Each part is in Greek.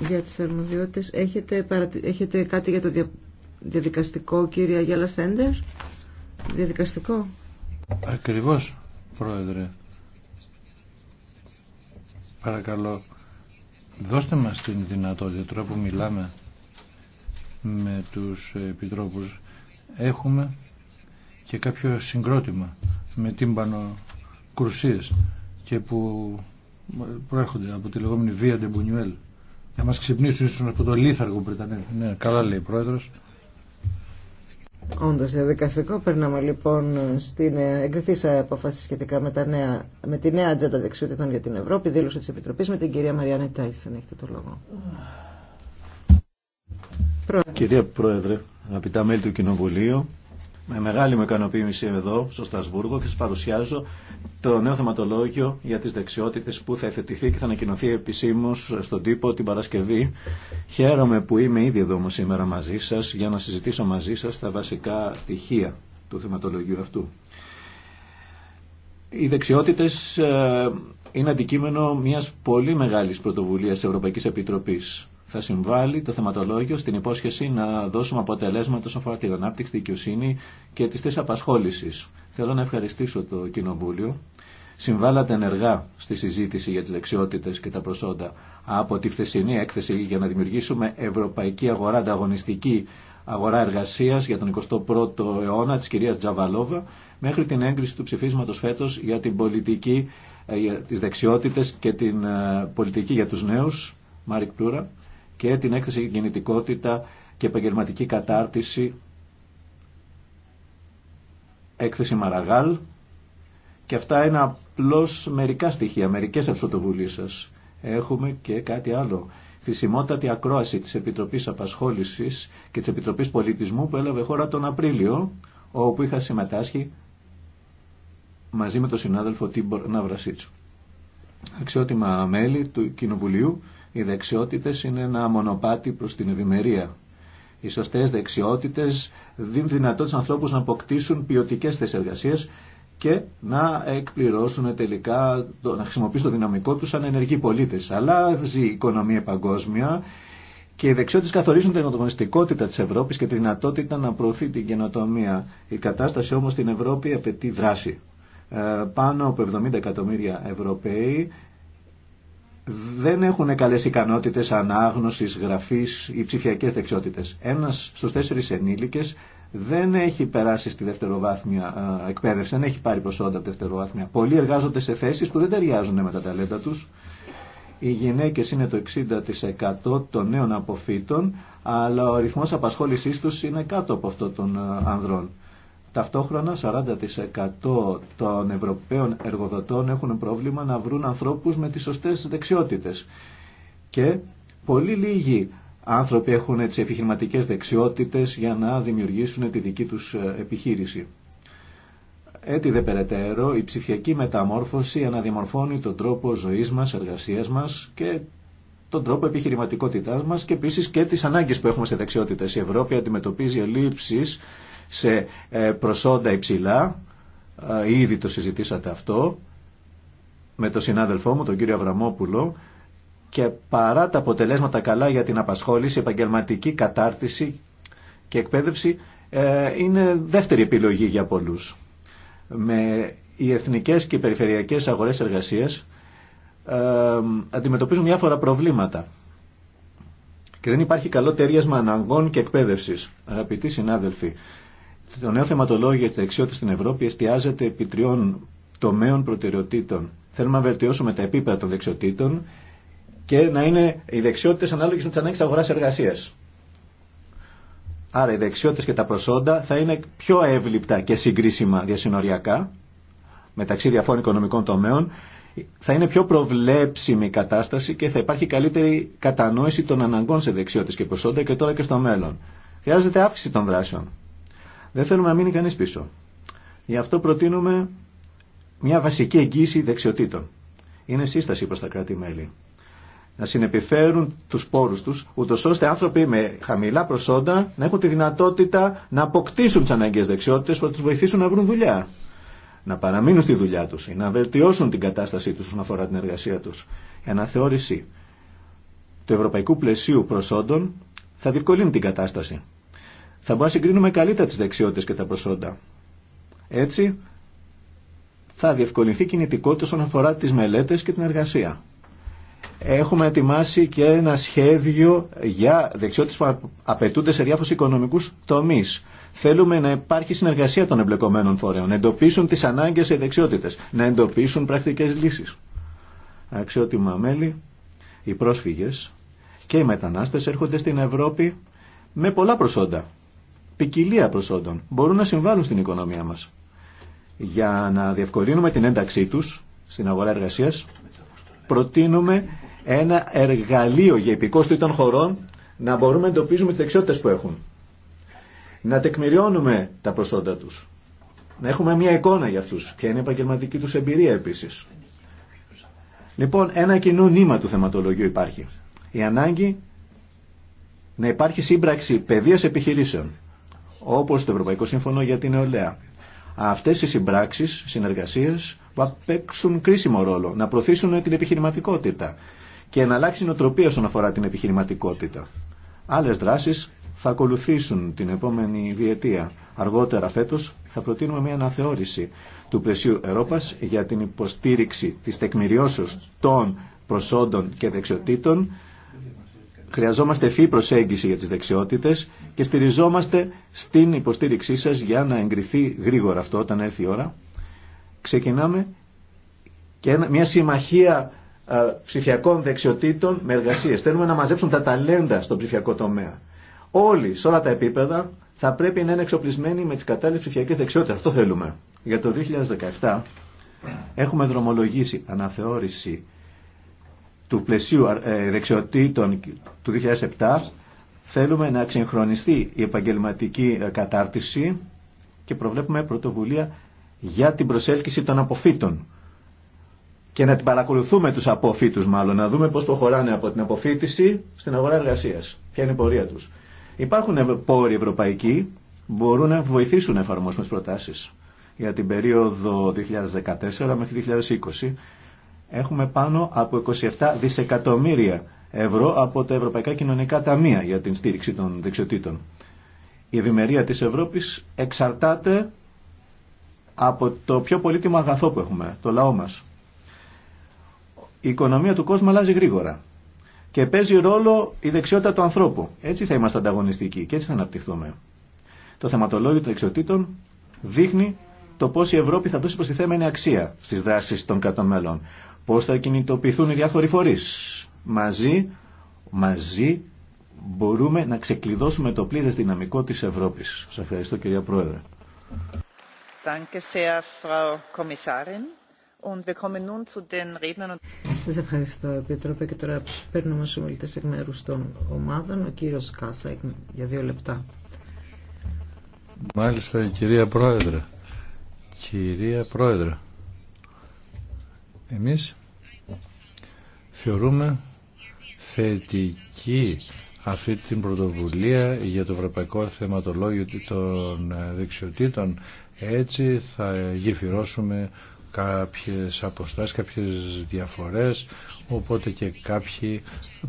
για τις αρμοδιότητες. Έχετε, Έχετε κάτι για το διαδικαστικό, κύριε Αγιάλα Σέντερ. Διαδικαστικό. Ακριβώς, πρόεδρε. Παρακαλώ, δώστε μας την δυνατότητα τώρα που μιλάμε με τους επιτρόπους. Έχουμε και κάποιο συγκρότημα με τύμπανο κρουσίες και που προέρχονται από τη λεγόμενη Βία Ντεμπουνιουέλ να μας ξυπνήσουν ίσως από το λίθαργο που ήταν. Ναι, καλά λέει ο Πρόεδρος. Όντως διαδικαστικό περνάμε λοιπόν στην ε, εγκριθήσα απόφαση σχετικά με, τα νέα, με τη νέα ατζέντα δεξιότητων για την Ευρώπη, δήλωση της Επιτροπής με την κυρία Μαριάννη Τάισεν. Έχετε το λόγο. Κυρία Πρόεδρε, αγαπητά μέλη του Κοινοβουλίου, με μεγάλη μου ικανοποίηση εδώ στο Στασβούργο και σας παρουσιάζω το νέο θεματολόγιο για τις δεξιότητε που θα εθετηθεί και θα ανακοινωθεί επισήμω στον τύπο την Παρασκευή. Χαίρομαι που είμαι ήδη εδώ σήμερα μαζί σας για να συζητήσω μαζί σα τα βασικά στοιχεία του θεματολογίου αυτού. Οι δεξιότητε ε, είναι αντικείμενο μια πολύ μεγάλη πρωτοβουλία τη Ευρωπαϊκή Επιτροπή θα συμβάλλει το θεματολόγιο στην υπόσχεση να δώσουμε αποτελέσματα όσον αφορά την ανάπτυξη, τη δικαιοσύνη και τις θέση απασχόληση. Θέλω να ευχαριστήσω το Κοινοβούλιο. Συμβάλλατε ενεργά στη συζήτηση για τι δεξιότητε και τα προσόντα από τη φθεσινή έκθεση για να δημιουργήσουμε ευρωπαϊκή αγορά ανταγωνιστική αγορά εργασία για τον 21ο αιώνα τη κυρία Τζαβαλόβα μέχρι την έγκριση του ψηφίσματο φέτο για την πολιτική, ε, τις και την ε, πολιτική για τους νέους, Μάρικ Πλούρα και την έκθεση για και επαγγελματική κατάρτιση έκθεση Μαραγάλ και αυτά είναι απλώς μερικά στοιχεία, μερικές αυσοτοβουλίες σας. Έχουμε και κάτι άλλο. Χρησιμότατη ακρόαση της Επιτροπής Απασχόλησης και της Επιτροπής Πολιτισμού που έλαβε χώρα τον Απρίλιο, όπου είχα συμμετάσχει μαζί με τον συνάδελφο Τίμπορ Ναυρασίτσου. Αξιότιμα μέλη του Κοινοβουλίου, οι δεξιότητες είναι ένα μονοπάτι προς την ευημερία. Οι σωστέ δεξιότητες δίνουν τη δυνατότητα στους ανθρώπους να αποκτήσουν ποιοτικέ θέσει εργασία και να εκπληρώσουν τελικά, να χρησιμοποιήσουν το δυναμικό τους σαν ενεργοί πολίτες. ζει η οικονομία παγκόσμια και οι δεξιότητες καθορίζουν την ανταγωνιστικότητα της Ευρώπης και τη δυνατότητα να προωθεί την καινοτομία. Η κατάσταση όμως στην Ευρώπη απαιτεί δράση. Ε, πάνω από 70 εκατομμύρια Ευρωπαίοι δεν έχουν καλές ικανότητες ανάγνωσης, γραφής ή ψηφιακές δεξιότητες. Ένας στους τέσσερις ενήλικες δεν έχει περάσει στη δευτεροβάθμια εκπαίδευση, δεν έχει πάρει προσόντα από δευτεροβάθμια. Πολλοί εργάζονται σε θέσεις που δεν ταιριάζουν με τα ταλέντα τους. Οι γυναίκες είναι το 60% των νέων αποφύτων, αλλά ο ρυθμός απασχόλησής τους είναι κάτω από αυτό των ανδρών. Ταυτόχρονα 40% των Ευρωπαίων εργοδοτών έχουν πρόβλημα να βρουν ανθρώπους με τις σωστές δεξιότητες. Και πολύ λίγοι άνθρωποι έχουν τις επιχειρηματικές δεξιότητες για να δημιουργήσουν τη δική τους ε, επιχείρηση. Έτσι δε περαιτέρω, η ψηφιακή μεταμόρφωση αναδημορφώνει τον τρόπο ζωής μας, εργασίας μας και τον τρόπο επιχειρηματικότητάς μας και επίσης και τις ανάγκες που έχουμε σε δεξιότητες. Η Ευρώπη αντιμετωπίζει ελλείψεις σε ε, προσόντα υψηλά. Ε, ήδη το συζητήσατε αυτό με τον συνάδελφό μου, τον κύριο Αβραμόπουλο, και παρά τα αποτελέσματα καλά για την απασχόληση, επαγγελματική κατάρτιση και εκπαίδευση ε, είναι δεύτερη επιλογή για πολλούς. Με οι εθνικές και οι περιφερειακές αγορές εργασίας αντιμετωπίζουν διάφορα προβλήματα και δεν υπάρχει καλό ταιριάσμα αναγκών και εκπαίδευσης. Αγαπητοί συνάδελφοι, το νέο θεματολόγιο για της δεξιότητας στην Ευρώπη εστιάζεται επί τριών τομέων προτεραιοτήτων. Θέλουμε να βελτιώσουμε τα επίπεδα των δεξιοτήτων και να είναι οι δεξιότητες ανάλογες με τις ανάγκες αγοράς εργασίας. Άρα οι δεξιότητες και τα προσόντα θα είναι πιο εύληπτα και συγκρίσιμα διασυνοριακά μεταξύ διαφόρων οικονομικών τομέων θα είναι πιο προβλέψιμη η κατάσταση και θα υπάρχει καλύτερη κατανόηση των αναγκών σε δεξιότητε και προσόντα και τώρα και στο μέλλον. Χρειάζεται αύξηση των δράσεων. Δεν θέλουμε να μείνει κανεί πίσω. Γι' αυτό προτείνουμε μια βασική εγγύηση δεξιοτήτων. Είναι σύσταση προ τα κράτη-μέλη. Να συνεπιφέρουν του πόρου του, ούτω ώστε άνθρωποι με χαμηλά προσόντα να έχουν τη δυνατότητα να αποκτήσουν τι αναγκαίε δεξιότητε που θα του βοηθήσουν να βρουν δουλειά. Να παραμείνουν στη δουλειά τους ή να βελτιώσουν την κατάστασή τους όσον αφορά την εργασία του Η αναθεώρηση του ευρωπαϊκού πλαισίου προσόντων θα διευκολύνει την κατασταση του οσον αφορα την εργασια του η αναθεωρηση του ευρωπαικου πλαισιου προσοντων θα διευκολυνει την κατασταση θα μπορούμε να συγκρίνουμε καλύτερα τις δεξιότητες και τα προσόντα. Έτσι, θα διευκολυνθεί κινητικότητα όσον αφορά τις μελέτες και την εργασία. Έχουμε ετοιμάσει και ένα σχέδιο για δεξιότητες που απαιτούνται σε διάφορους οικονομικούς τομείς. Θέλουμε να υπάρχει συνεργασία των εμπλεκομένων φορέων, να εντοπίσουν τις ανάγκες σε δεξιότητες, να εντοπίσουν πρακτικές λύσεις. Αξιότιμα μέλη, οι πρόσφυγες και οι μετανάστες έρχονται στην Ευρώπη με πολλά προσόντα ποικιλία προσόντων μπορούν να συμβάλλουν στην οικονομία μας. Για να διευκολύνουμε την ένταξή τους στην αγορά εργασίας, προτείνουμε ένα εργαλείο για υπηκόστοι των χωρών να μπορούμε να εντοπίζουμε τις δεξιότητες που έχουν. Να τεκμηριώνουμε τα προσόντα τους. Να έχουμε μια εικόνα για αυτούς. Ποια είναι η επαγγελματική τους εμπειρία επίσης. Λοιπόν, ένα κοινό νήμα του θεματολογίου υπάρχει. Η ανάγκη να υπάρχει σύμπραξη παιδείας επιχειρήσεων όπως το Ευρωπαϊκό Σύμφωνο για την Νεολαία. Αυτές οι συμπράξεις, συνεργασίες, θα παίξουν κρίσιμο ρόλο, να προωθήσουν την επιχειρηματικότητα και να αλλάξει η νοοτροπία όσον αφορά την επιχειρηματικότητα. Άλλες δράσεις θα ακολουθήσουν την επόμενη διετία. Αργότερα φέτος θα προτείνουμε μια αναθεώρηση του πλαισίου Ευρώπας για την υποστήριξη της τεκμηριώσεως των προσόντων και δεξιοτήτων Χρειαζόμαστε ευφύ προσέγγιση για τις δεξιότητες και στηριζόμαστε στην υποστήριξή σας για να εγκριθεί γρήγορα αυτό όταν έρθει η ώρα. Ξεκινάμε και μια συμμαχία ψηφιακών δεξιοτήτων με εργασίες. Θέλουμε να μαζέψουν τα ταλέντα στον ψηφιακό τομέα. Όλοι, σε όλα τα επίπεδα, θα πρέπει να είναι εξοπλισμένοι με τις κατάλληλες ψηφιακές δεξιότητες. Αυτό θέλουμε. Για το 2017 έχουμε δρομολογήσει αναθεώρηση του πλαισίου ε, δεξιοτήτων του 2007 θέλουμε να ξεγχρονιστεί η επαγγελματική ε, κατάρτιση και προβλέπουμε πρωτοβουλία για την προσέλκυση των αποφύτων και να την παρακολουθούμε τους αποφύτους μάλλον, να δούμε πώς προχωράνε από την αποφύτηση στην αγορά εργασίας, ποια είναι η πορεία τους. Υπάρχουν πόροι ευρωπαϊκοί που μπορούν να βοηθήσουν να εφαρμόσουμε τις προτάσεις για την περίοδο 2014 μέχρι 2020 Έχουμε πάνω από 27 δισεκατομμύρια ευρώ από τα Ευρωπαϊκά Κοινωνικά Ταμεία για την στήριξη των δεξιοτήτων. Η ευημερία της Ευρώπης εξαρτάται από το πιο πολύτιμο αγαθό που έχουμε, το λαό μας. Η οικονομία του κόσμου αλλάζει γρήγορα και παίζει ρόλο η δεξιότητα του ανθρώπου. Έτσι θα είμαστε ανταγωνιστικοί και έτσι θα αναπτυχθούμε. Το θεματολόγιο των δεξιοτήτων δείχνει το πώς η Ευρώπη θα δώσει προστιθέμενη αξία στι δράσει των κρατών μέλων πώς θα κινητοποιηθούν οι διάφοροι φορείς. Μαζί, μαζί μπορούμε να ξεκλειδώσουμε το πλήρες δυναμικό της Ευρώπης. Σας ευχαριστώ κυρία Πρόεδρε. Σα ευχαριστώ, Επίτροπε. Και τώρα παίρνουμε στου ομιλητέ εκ μέρου των ομάδων. Ο κύριο Κάσα για δύο λεπτά. Μάλιστα, κυρία Πρόεδρε. Κυρία Πρόεδρε, εμείς θεωρούμε θετική αυτή την πρωτοβουλία για το Ευρωπαϊκό Θεματολόγιο των Δεξιοτήτων. Έτσι θα γεφυρώσουμε κάποιες αποστάσεις, κάποιες διαφορές, οπότε και κάποιοι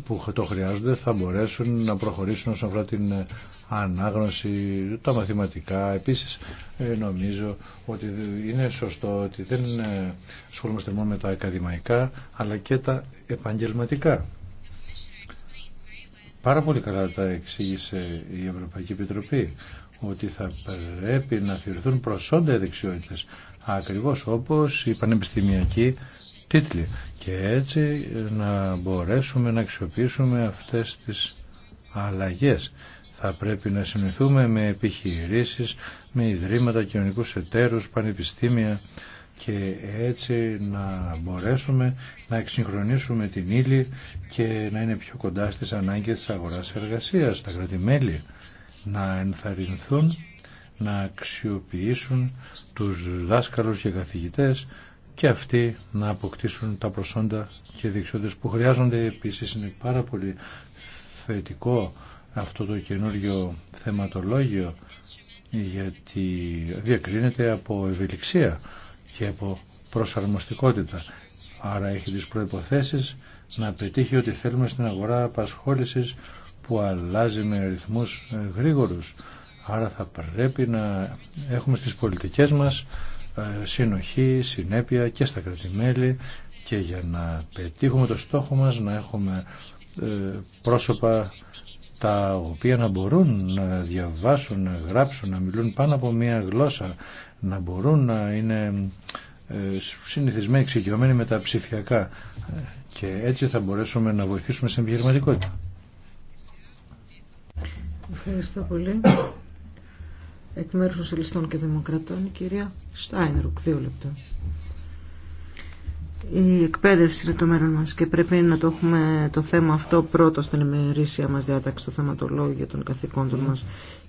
που το χρειάζονται θα μπορέσουν να προχωρήσουν όσον αφορά την ανάγνωση, τα μαθηματικά. Επίσης ε, νομίζω ότι είναι σωστό ότι δεν ε, ασχολούμαστε μόνο με τα ακαδημαϊκά, αλλά και τα επαγγελματικά. Πάρα πολύ καλά τα εξήγησε η Ευρωπαϊκή Επιτροπή ότι θα πρέπει να θεωρηθούν προσόντα δεξιότητες ακριβώς όπως οι πανεπιστημιακοί τίτλοι και έτσι να μπορέσουμε να αξιοποιήσουμε αυτές τις αλλαγές. Θα πρέπει να συνοηθούμε με επιχειρήσεις, με ιδρύματα, κοινωνικούς εταίρους, πανεπιστήμια και έτσι να μπορέσουμε να εξυγχρονίσουμε την ύλη και να είναι πιο κοντά στις ανάγκες της αγοράς εργασίας, τα κράτη-μέλη να ενθαρρυνθούν να αξιοποιήσουν τους δάσκαλους και καθηγητές και αυτοί να αποκτήσουν τα προσόντα και δεξιότητες που χρειάζονται. Επίσης είναι πάρα πολύ θετικό αυτό το καινούργιο θεματολόγιο γιατί διακρίνεται από ευελιξία και από προσαρμοστικότητα. Άρα έχει τις προϋποθέσεις να πετύχει ότι θέλουμε στην αγορά απασχόλησης που αλλάζει με ρυθμούς γρήγορους Άρα θα πρέπει να έχουμε στις πολιτικές μας ε, συνοχή, συνέπεια και στα κρατημέλη και για να πετύχουμε το στόχο μας να έχουμε ε, πρόσωπα τα οποία να μπορούν να διαβάσουν, να γράψουν, να μιλούν πάνω από μία γλώσσα, να μπορούν να είναι ε, συνηθισμένοι, εξοικειωμένοι με τα ψηφιακά και έτσι θα μπορέσουμε να βοηθήσουμε στην επιχειρηματικότητα. Ευχαριστώ πολύ εκ μέρους Σοσιαλιστών και Δημοκρατών, η κυρία Στάινρουκ, δύο λεπτά. Η εκπαίδευση είναι το μέλλον μας και πρέπει να το έχουμε το θέμα αυτό πρώτο στην ημερήσια μας διάταξη, το θεματολόγιο των καθηκόντων μας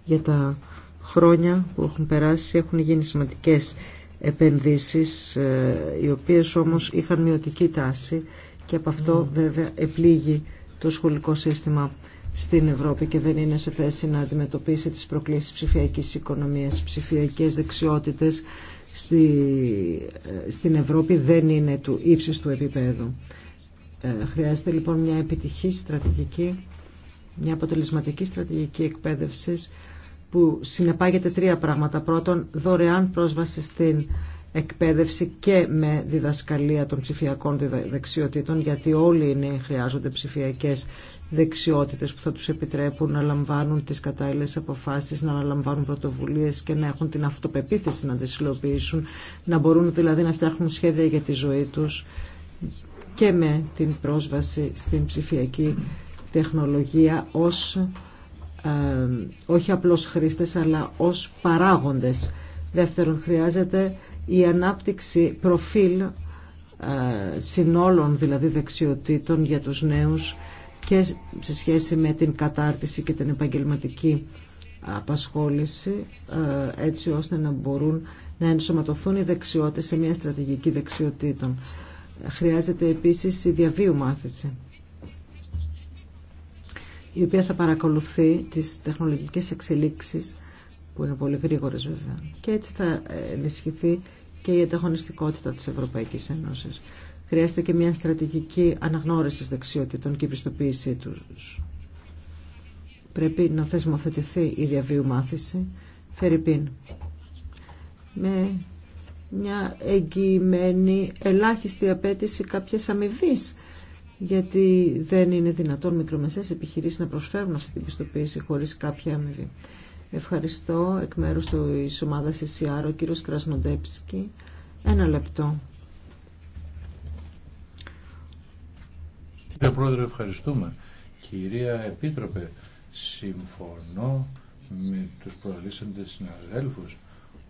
για τα χρόνια που έχουν περάσει, έχουν γίνει σημαντικές επενδύσεις, ε, οι οποίες όμως είχαν μειωτική τάση και από αυτό ναι. βέβαια επλήγει το σχολικό σύστημα στην Ευρώπη και δεν είναι σε θέση να αντιμετωπίσει τις προκλήσεις ψηφιακής οικονομίας, ψηφιακές δεξιότητες στη, ε, στην Ευρώπη δεν είναι του ύψιστου επίπεδου. Ε, χρειάζεται λοιπόν μια επιτυχή στρατηγική, μια αποτελεσματική στρατηγική εκπαίδευση που συνεπάγεται τρία πράγματα. Πρώτον, δωρεάν πρόσβαση στην εκπαίδευση και με διδασκαλία των ψηφιακών δεξιοτήτων, γιατί όλοι χρειάζονται ψηφιακές δεξιότητες που θα τους επιτρέπουν να λαμβάνουν τις κατάλληλες αποφάσεις, να λαμβάνουν πρωτοβουλίες και να έχουν την αυτοπεποίθηση να τις υλοποιήσουν, να μπορούν δηλαδή να φτιάχνουν σχέδια για τη ζωή τους και με την πρόσβαση στην ψηφιακή τεχνολογία ως ε, όχι απλώς χρήστες αλλά ως παράγοντες. Δεύτερον, χρειάζεται η ανάπτυξη προφίλ ε, συνόλων δηλαδή δεξιοτήτων για τους νέους και σε σχέση με την κατάρτιση και την επαγγελματική απασχόληση ε, έτσι ώστε να μπορούν να ενσωματωθούν οι δεξιότητες σε μια στρατηγική δεξιοτήτων. Χρειάζεται επίσης η διαβίου μάθηση η οποία θα παρακολουθεί τις τεχνολογικές εξελίξεις που είναι πολύ γρήγορες βέβαια και έτσι θα ενισχυθεί και η ανταγωνιστικότητα της Ευρωπαϊκής Ένωσης. Χρειάζεται και μια στρατηγική αναγνώριση δεξιότητων και πιστοποίησή του. Πρέπει να θεσμοθετηθεί η διαβίου μάθηση. Φερρυπίν. Με μια εγγυημένη ελάχιστη απέτηση κάποιες αμοιβή γιατί δεν είναι δυνατόν μικρομεσαίες επιχειρήσεις να προσφέρουν αυτή την πιστοποίηση χωρίς κάποια αμοιβή. Ευχαριστώ εκ μέρους τη ομάδα ΕΣΥΑΡΟ ο κύριος Κρασνοντέψκη. Ένα λεπτό. Κύριε Πρόεδρε, ευχαριστούμε. Κυρία Επίτροπε, συμφωνώ με τους προαλήσαντες συναδέλφους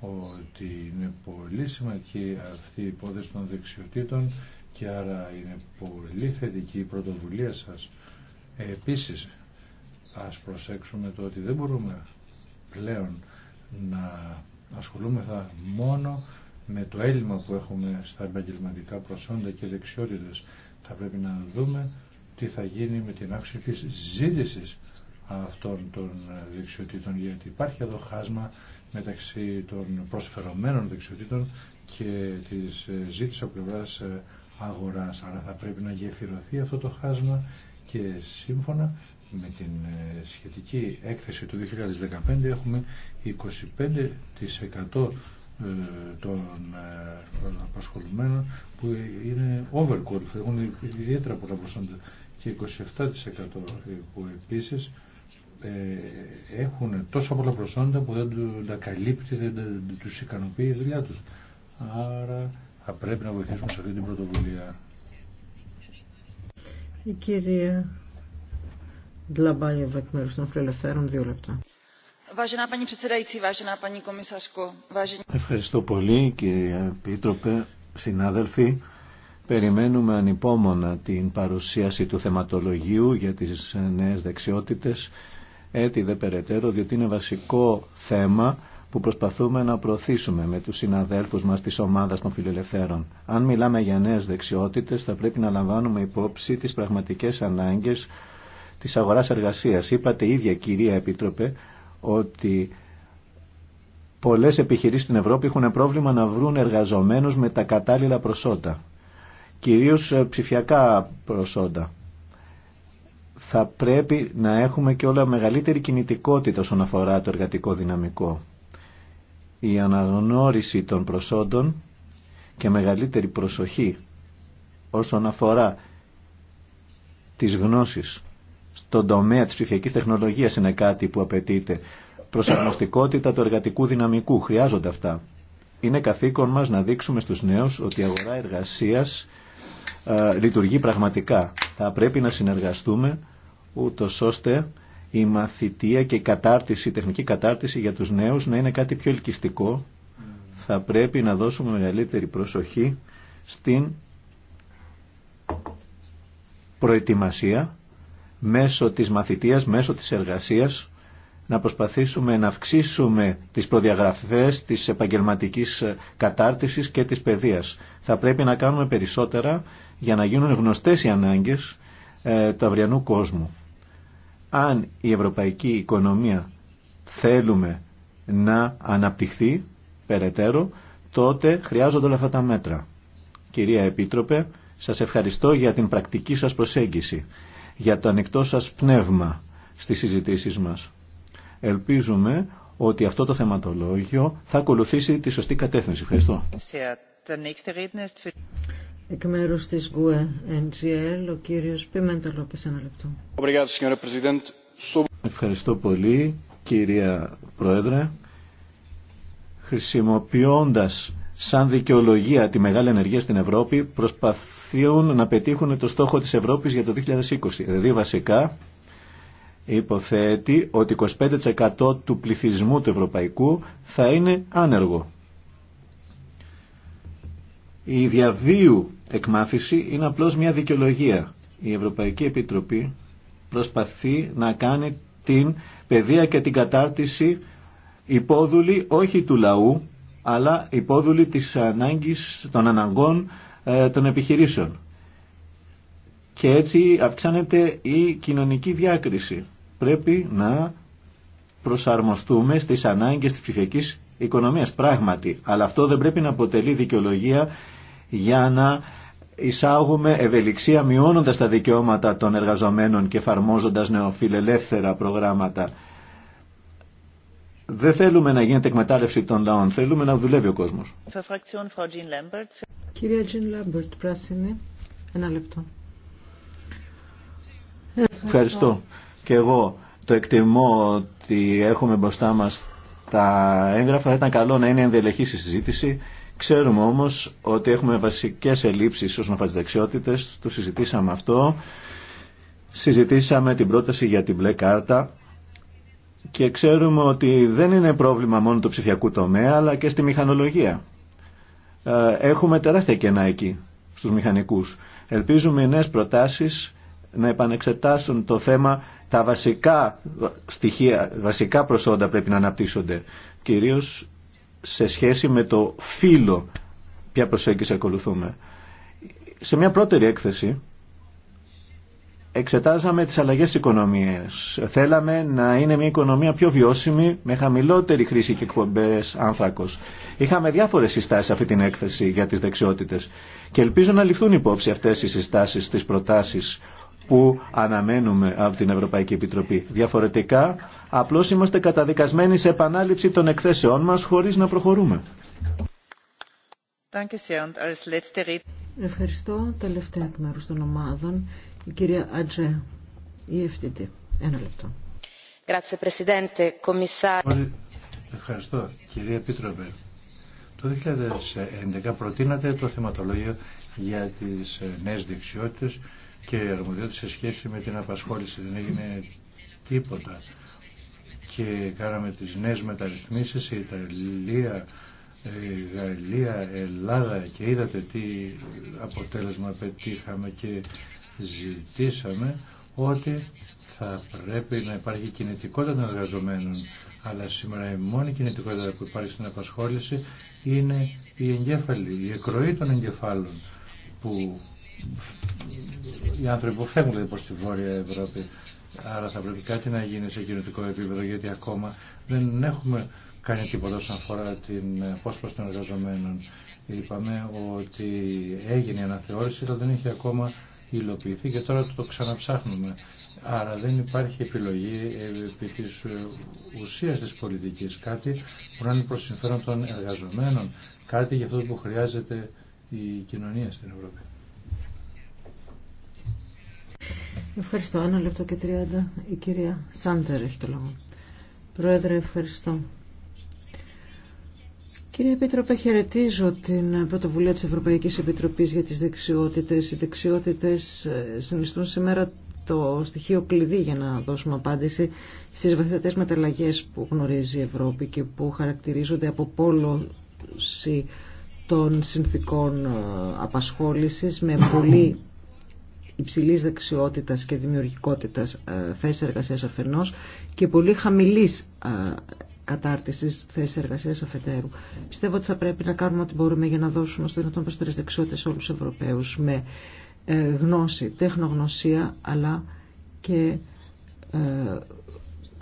ότι είναι πολύ σημαντική αυτή η υπόθεση των δεξιοτήτων και άρα είναι πολύ θετική η πρωτοβουλία σας. Επίσης, ας προσέξουμε το ότι δεν μπορούμε πλέον να ασχολούμεθα μόνο με το έλλειμμα που έχουμε στα επαγγελματικά προσόντα και δεξιότητες. Θα πρέπει να δούμε τι θα γίνει με την αύξηση της ζήτησης αυτών των ε, δεξιοτήτων, γιατί υπάρχει εδώ χάσμα μεταξύ των προσφερωμένων δεξιοτήτων και της ε, ζήτησης από πλευράς ε, αγοράς. Άρα θα πρέπει να γεφυρωθεί αυτό το χάσμα και σύμφωνα με την σχετική έκθεση του 2015 έχουμε 25% ε, ε, των απασχολουμένων που είναι overqualified, έχουν ιδιαίτερα πολλά προσόντα και 27% που επίσης ε, έχουν τόσα πολλά προσόντα που δεν τα καλύπτει, δεν τους ικανοποιεί η δουλειά τους. Άρα θα πρέπει να βοηθήσουμε σε αυτή την πρωτοβουλία. Η κυρία Ντλαμπάγεβα εκ μέρους των δύο λεπτά. Ευχαριστώ πολύ κύριε επίτροπε, συνάδελφοι. Περιμένουμε ανυπόμονα την παρουσίαση του θεματολογίου για τις νέες δεξιότητες έτη δε περαιτέρω, διότι είναι βασικό θέμα που προσπαθούμε να προωθήσουμε με τους συναδέλφους μας της ομάδας των φιλελευθέρων. Αν μιλάμε για νέες δεξιότητες θα πρέπει να λαμβάνουμε υπόψη τις πραγματικές ανάγκες της αγοράς εργασίας. Είπατε ίδια κυρία Επίτροπε ότι πολλές επιχειρήσεις στην Ευρώπη έχουν πρόβλημα να βρουν εργαζομένους με τα κατάλληλα προσόντα, κυρίως ε, ψηφιακά προσόντα. Θα πρέπει να έχουμε και όλα μεγαλύτερη κινητικότητα όσον αφορά το εργατικό δυναμικό. Η αναγνώριση των προσόντων και μεγαλύτερη προσοχή όσον αφορά τις γνώσεις στον τομέα της ψηφιακής τεχνολογίας είναι κάτι που απαιτείται. Προσαρμοστικότητα του εργατικού δυναμικού. Χρειάζονται αυτά. Είναι καθήκον μας να δείξουμε στους νέους ότι η αγορά εργασίας ε, λειτουργεί πραγματικά. Θα πρέπει να συνεργαστούμε ούτω ώστε η μαθητεία και η κατάρτιση, η τεχνική κατάρτιση για τους νέους να είναι κάτι πιο ελκυστικό. Θα πρέπει να δώσουμε μεγαλύτερη προσοχή στην προετοιμασία μέσω της μαθητείας, μέσω της εργασίας, να προσπαθήσουμε να αυξήσουμε τις προδιαγραφές της επαγγελματικής κατάρτισης και της παιδείας. Θα πρέπει να κάνουμε περισσότερα για να γίνουν γνωστές οι ανάγκες ε, του αυριανού κόσμου. Αν η ευρωπαϊκή οικονομία θέλουμε να αναπτυχθεί περαιτέρω, τότε χρειάζονται όλα αυτά τα μέτρα. Κυρία Επίτροπε, σας ευχαριστώ για την πρακτική σας προσέγγιση για το ανοιχτό σας πνεύμα στις συζητήσεις μας. Ελπίζουμε ότι αυτό το θεματολόγιο θα ακολουθήσει τη σωστή κατεύθυνση. Ευχαριστώ. Εκ μέρους της ο κύριος Πιμέντα Λόπες, ένα λεπτό. Ευχαριστώ πολύ, κυρία Πρόεδρε. Χρησιμοποιώντας σαν δικαιολογία τη μεγάλη ενεργία στην Ευρώπη, προσπαθούμε να πετύχουν το στόχο της Ευρώπης για το 2020. Δηλαδή βασικά υποθέτει ότι 25% του πληθυσμού του ευρωπαϊκού θα είναι άνεργο. Η διαβίου εκμάθηση είναι απλώς μια δικαιολογία. Η Ευρωπαϊκή Επιτροπή προσπαθεί να κάνει την παιδεία και την κατάρτιση υπόδουλη όχι του λαού, αλλά υπόδουλη της ανάγκης των αναγκών ε, των επιχειρήσεων. Και έτσι αυξάνεται η κοινωνική διάκριση. Πρέπει να προσαρμοστούμε στις ανάγκες της ψηφιακής οικονομίας πράγματι. Αλλά αυτό δεν πρέπει να αποτελεί δικαιολογία για να εισάγουμε ευελιξία μειώνοντας τα δικαιώματα των εργαζομένων και εφαρμόζοντας νεοφιλελεύθερα προγράμματα. Δεν θέλουμε να γίνεται εκμετάλλευση των λαών, θέλουμε να δουλεύει ο κόσμο. Κυρία Τζιν πράσινη, ένα λεπτό. Ευχαριστώ. Και εγώ το εκτιμώ ότι έχουμε μπροστά μα τα έγγραφα. Ήταν καλό να είναι ενδελεχή η συζήτηση. Ξέρουμε όμω ότι έχουμε βασικές ελλείψεις όσον αφορά τι δεξιότητε. Το συζητήσαμε αυτό. Συζητήσαμε την πρόταση για την μπλε κάρτα και ξέρουμε ότι δεν είναι πρόβλημα μόνο του ψηφιακού τομέα αλλά και στη μηχανολογία. Ε, έχουμε τεράστια κενά εκεί στους μηχανικούς. Ελπίζουμε οι νέες προτάσεις να επανεξετάσουν το θέμα τα βασικά στοιχεία, βασικά προσόντα πρέπει να αναπτύσσονται κυρίως σε σχέση με το φύλλο ποια προσέγγιση ακολουθούμε. Σε μια πρώτερη έκθεση εξετάζαμε τις αλλαγές οικονομίες. Θέλαμε να είναι μια οικονομία πιο βιώσιμη με χαμηλότερη χρήση και εκπομπέ άνθρακος. Είχαμε διάφορες συστάσεις σε αυτή την έκθεση για τις δεξιότητες και ελπίζω να ληφθούν υπόψη αυτές οι συστάσεις τις προτάσεις που αναμένουμε από την Ευρωπαϊκή Επιτροπή. Διαφορετικά, απλώς είμαστε καταδικασμένοι σε επανάληψη των εκθέσεών μας χωρίς να προχωρούμε. Ευχαριστώ. Τελευταία εκ μέρους των ομάδων. Η κυρία Ατζέ, η ευθύτη. Ένα λεπτό. Ευχαριστώ, κυρία Επίτροπε. Το 2011 προτείνατε το θεματολόγιο για τις ε, νέες δεξιότητες και αρμοδιότητες σε σχέση με την απασχόληση. Δεν έγινε τίποτα. Και κάναμε τις νέες μεταρρυθμίσεις σε Ιταλία, ε, Γαλλία, Ελλάδα και είδατε τι αποτέλεσμα πετύχαμε και ζητήσαμε ότι θα πρέπει να υπάρχει κινητικότητα των εργαζομένων. Αλλά σήμερα η μόνη κινητικότητα που υπάρχει στην απασχόληση είναι η εγκέφαλη, η εκροή των εγκεφάλων που οι άνθρωποι που φεύγουν δηλαδή, τη Βόρεια Ευρώπη. Άρα θα πρέπει κάτι να γίνει σε κινητικό επίπεδο γιατί ακόμα δεν έχουμε κάνει τίποτα όσον αφορά την απόσπαση των εργαζομένων. Είπαμε ότι έγινε η αναθεώρηση αλλά δεν έχει ακόμα υλοποιηθεί και τώρα το ξαναψάχνουμε. Άρα δεν υπάρχει επιλογή ε, επί της ε, ουσίας της πολιτικής. Κάτι που να είναι προς συμφέρον των εργαζομένων. Κάτι για αυτό που χρειάζεται η κοινωνία στην Ευρώπη. Ευχαριστώ. Ένα λεπτό και τριάντα. Η κυρία Σάντερ έχει το λόγο. Πρόεδρε, ευχαριστώ. Κύριε Επίτροπε, χαιρετίζω την πρωτοβουλία της Ευρωπαϊκής Επιτροπής για τις δεξιότητες. Οι δεξιότητες ε, συνιστούν σήμερα το στοιχείο κλειδί για να δώσουμε απάντηση στις βαθιτές μεταλλαγές που γνωρίζει η Ευρώπη και που χαρακτηρίζονται από πόλωση των συνθήκων ε, απασχόλησης με πολύ υψηλή δεξιότητα και δημιουργικότητα ε, θέση εργασία αφενό και πολύ χαμηλή κατάρτισης θέση εργασίας αφετέρου. Πιστεύω ότι θα πρέπει να κάνουμε ό,τι μπορούμε για να δώσουμε στο δυνατόν δεξιότητε δεξιότητες όλους τους Ευρωπαίους με ε, γνώση, τεχνογνωσία αλλά και ε,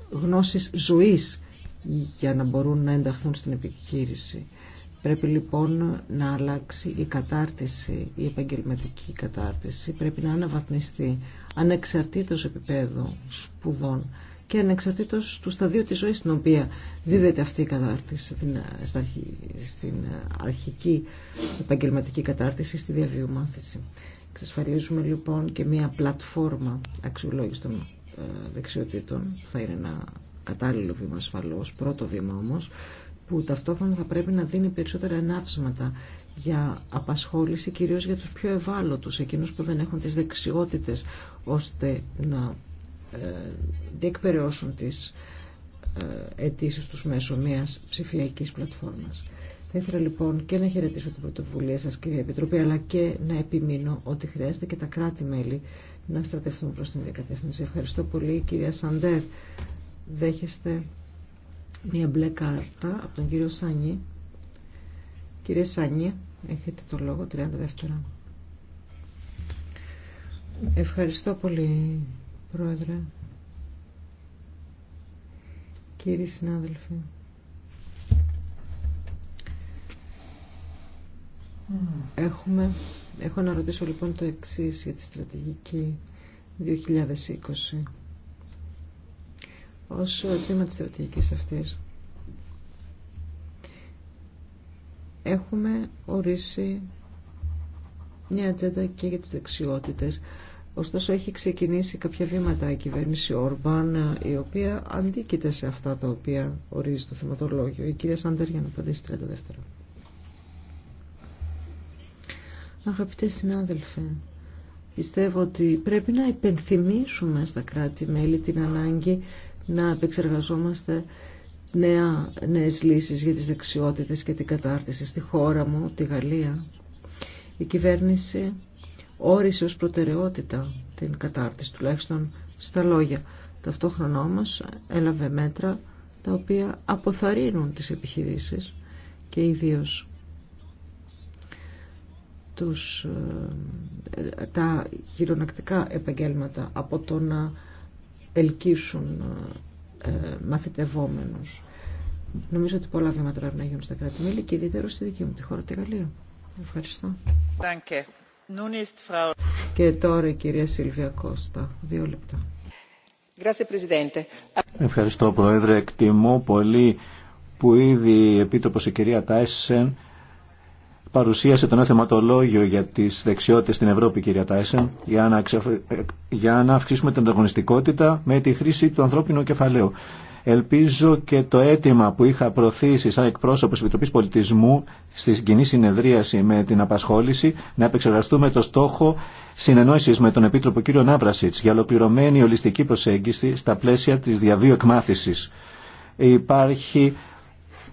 γνώσεις ζωής για να μπορούν να ενταχθούν στην επιχείρηση. Πρέπει λοιπόν να αλλάξει η κατάρτιση, η επαγγελματική κατάρτιση. Πρέπει να αναβαθμιστεί ανεξαρτήτως επίπεδου σπουδών και ανεξαρτήτως του σταδίου της ζωής στην οποία δίδεται αυτή η κατάρτιση στην, στην αρχική επαγγελματική κατάρτιση στη διαβίου μάθηση. Εξασφαλίζουμε λοιπόν και μια πλατφόρμα αξιολόγηση των ε, δεξιοτήτων που θα είναι ένα κατάλληλο βήμα ασφαλώς, πρώτο βήμα όμως που ταυτόχρονα θα πρέπει να δίνει περισσότερα ενάψματα για απασχόληση κυρίως για τους πιο ευάλωτους, εκείνους που δεν έχουν τις δεξιότητες ώστε να ε, διεκπαιρεώσουν τις ε, αιτήσει τους μέσω μιας ψηφιακής πλατφόρμας. Θα ήθελα λοιπόν και να χαιρετήσω την πρωτοβουλία σας κυρία Επιτροπή αλλά και να επιμείνω ότι χρειάζεται και τα κράτη-μέλη να στρατευτούν προς την διακατεύθυνση. Ευχαριστώ πολύ κυρία Σαντέρ. Δέχεστε μια μπλε κάρτα από τον κύριο Σάνι. Κύριε Σάνι, έχετε το λόγο 30 δεύτερα. Ευχαριστώ πολύ Πρόεδρε, κύριοι συνάδελφοι, Έχουμε, έχω να ρωτήσω λοιπόν το εξής για τη στρατηγική 2020. Όσο τμήμα της στρατηγικής αυτής έχουμε ορίσει μια ατζέντα και για τις δεξιότητες Ωστόσο έχει ξεκινήσει κάποια βήματα η κυβέρνηση Ορμπάν η οποία αντίκειται σε αυτά τα οποία ορίζει το θεματολόγιο. Η κυρία Σάντερ για να απαντήσει 30 δεύτερα. Αγαπητέ συνάδελφε, πιστεύω ότι πρέπει να υπενθυμίσουμε στα κράτη-μέλη την ανάγκη να επεξεργαζόμαστε νέα, νέες λύσεις για τις δεξιότητες και την κατάρτιση στη χώρα μου, τη Γαλλία. Η κυβέρνηση όρισε ως προτεραιότητα την κατάρτιση τουλάχιστον στα λόγια. Ταυτόχρονα όμως έλαβε μέτρα τα οποία αποθαρρύνουν τις επιχειρήσεις και ιδίως τους, ε, τα χειρονακτικά επαγγέλματα από το να ελκύσουν ε, μαθητευόμενους. Νομίζω ότι πολλά βήματα πρέπει να γίνουν στα κράτη-μέλη και ιδιαίτερα στη δική μου τη χώρα, τη Γαλλία. Ευχαριστώ. Και τώρα η κυρία Σίλβια Κώστα. Δύο λεπτά. Ευχαριστώ Πρόεδρε. Εκτιμώ πολύ που ήδη η Επίτροπος η κυρία Τάισεν παρουσίασε τον θεματολόγιο για τις δεξιότητες στην Ευρώπη κυρία Τάισεν για να, αυξήσουμε την ανταγωνιστικότητα με τη χρήση του ανθρώπινου κεφαλαίου. Ελπίζω και το αίτημα που είχα προωθήσει σαν εκπρόσωπο τη Επιτροπή Πολιτισμού στη κοινή συνεδρίαση με την απασχόληση να επεξεργαστούμε το στόχο συνεννόηση με τον Επίτροπο κ. Ναύρασιτ για ολοκληρωμένη ολιστική προσέγγιση στα πλαίσια τη διαβίου εκμάθηση. Υπάρχει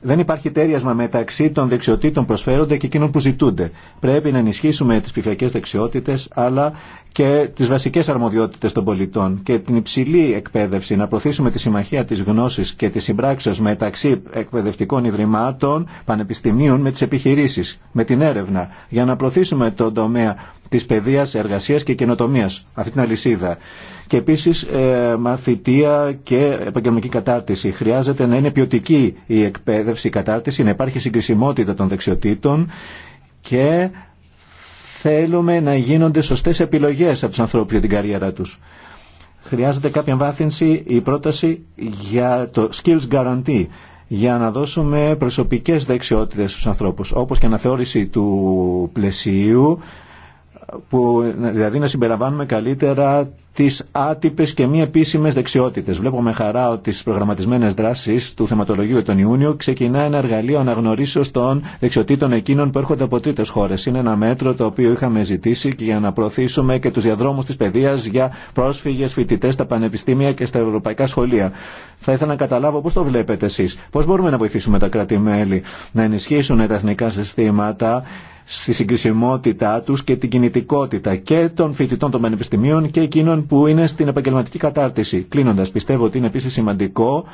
δεν υπάρχει τέριασμα μεταξύ των δεξιοτήτων προσφέρονται και εκείνων που ζητούνται. Πρέπει να ενισχύσουμε τι ψηφιακέ δεξιότητε, αλλά και τι βασικέ αρμοδιότητε των πολιτών και την υψηλή εκπαίδευση. Να προωθήσουμε τη συμμαχία τη γνώση και τη συμπράξεω μεταξύ εκπαιδευτικών ιδρυμάτων, πανεπιστημίων με τι επιχειρήσει, με την έρευνα, για να προωθήσουμε τον τομέα τη παιδεία, εργασία και καινοτομία, αυτή την αλυσίδα. Και επίση ε, μαθητεία και επαγγελματική κατάρτιση. Χρειάζεται να είναι ποιοτική η εκπαίδευση εκπαίδευση, η να υπάρχει συγκρισιμότητα των δεξιοτήτων και θέλουμε να γίνονται σωστές επιλογές από τους ανθρώπους για την καριέρα τους. Χρειάζεται κάποια βάθυνση η πρόταση για το Skills Guarantee για να δώσουμε προσωπικές δεξιότητες στους ανθρώπους, όπως και αναθεώρηση του πλαισίου, που, δηλαδή να συμπεριλαμβάνουμε καλύτερα τι άτυπε και μη επίσημε δεξιότητε. Βλέπω με χαρά ότι στι προγραμματισμένε δράσει του θεματολογίου τον Ιούνιο ξεκινά ένα εργαλείο αναγνωρίσεω των δεξιοτήτων εκείνων που έρχονται από τρίτε χώρε Είναι ένα μέτρο το οποίο είχαμε ζητήσει και για να προωθήσουμε και του διαδρόμου τη παιδεία για πρόσφυγε φοιτητέ στα πανεπιστήμια και στα ευρωπαϊκά σχολεία. Θα ήθελα να καταλάβω πώ το βλέπετε εσεί. Πώ μπορούμε να βοηθήσουμε τα κράτη-μέλη να ενισχύσουν τα εθνικά συστήματα στη συγκρισιμότητά τους και την κινητικότητα και των φοιτητών των πανεπιστημίων και εκείνων που είναι στην επαγγελματική κατάρτιση. Κλείνοντας, πιστεύω ότι είναι επίσης σημαντικό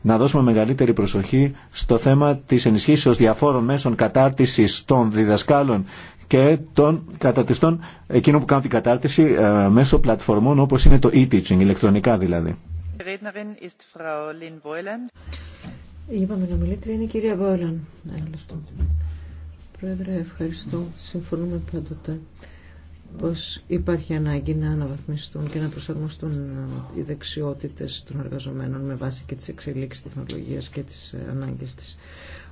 να δώσουμε μεγαλύτερη προσοχή στο θέμα της ενισχύσεως διαφόρων μέσων κατάρτισης των διδασκάλων και των κατατιστών εκείνων που κάνουν την κατάρτιση ε, μέσω πλατφορμών όπως είναι το e-teaching, ηλεκτρονικά δηλαδή. είναι η κυρία Πρόεδρε, ευχαριστώ. Συμφωνούμε πάντοτε πως υπάρχει ανάγκη να αναβαθμιστούν και να προσαρμοστούν ε, οι δεξιότητες των εργαζομένων με βάση και τις εξελίξεις τεχνολογίας και τις ε, ανάγκες της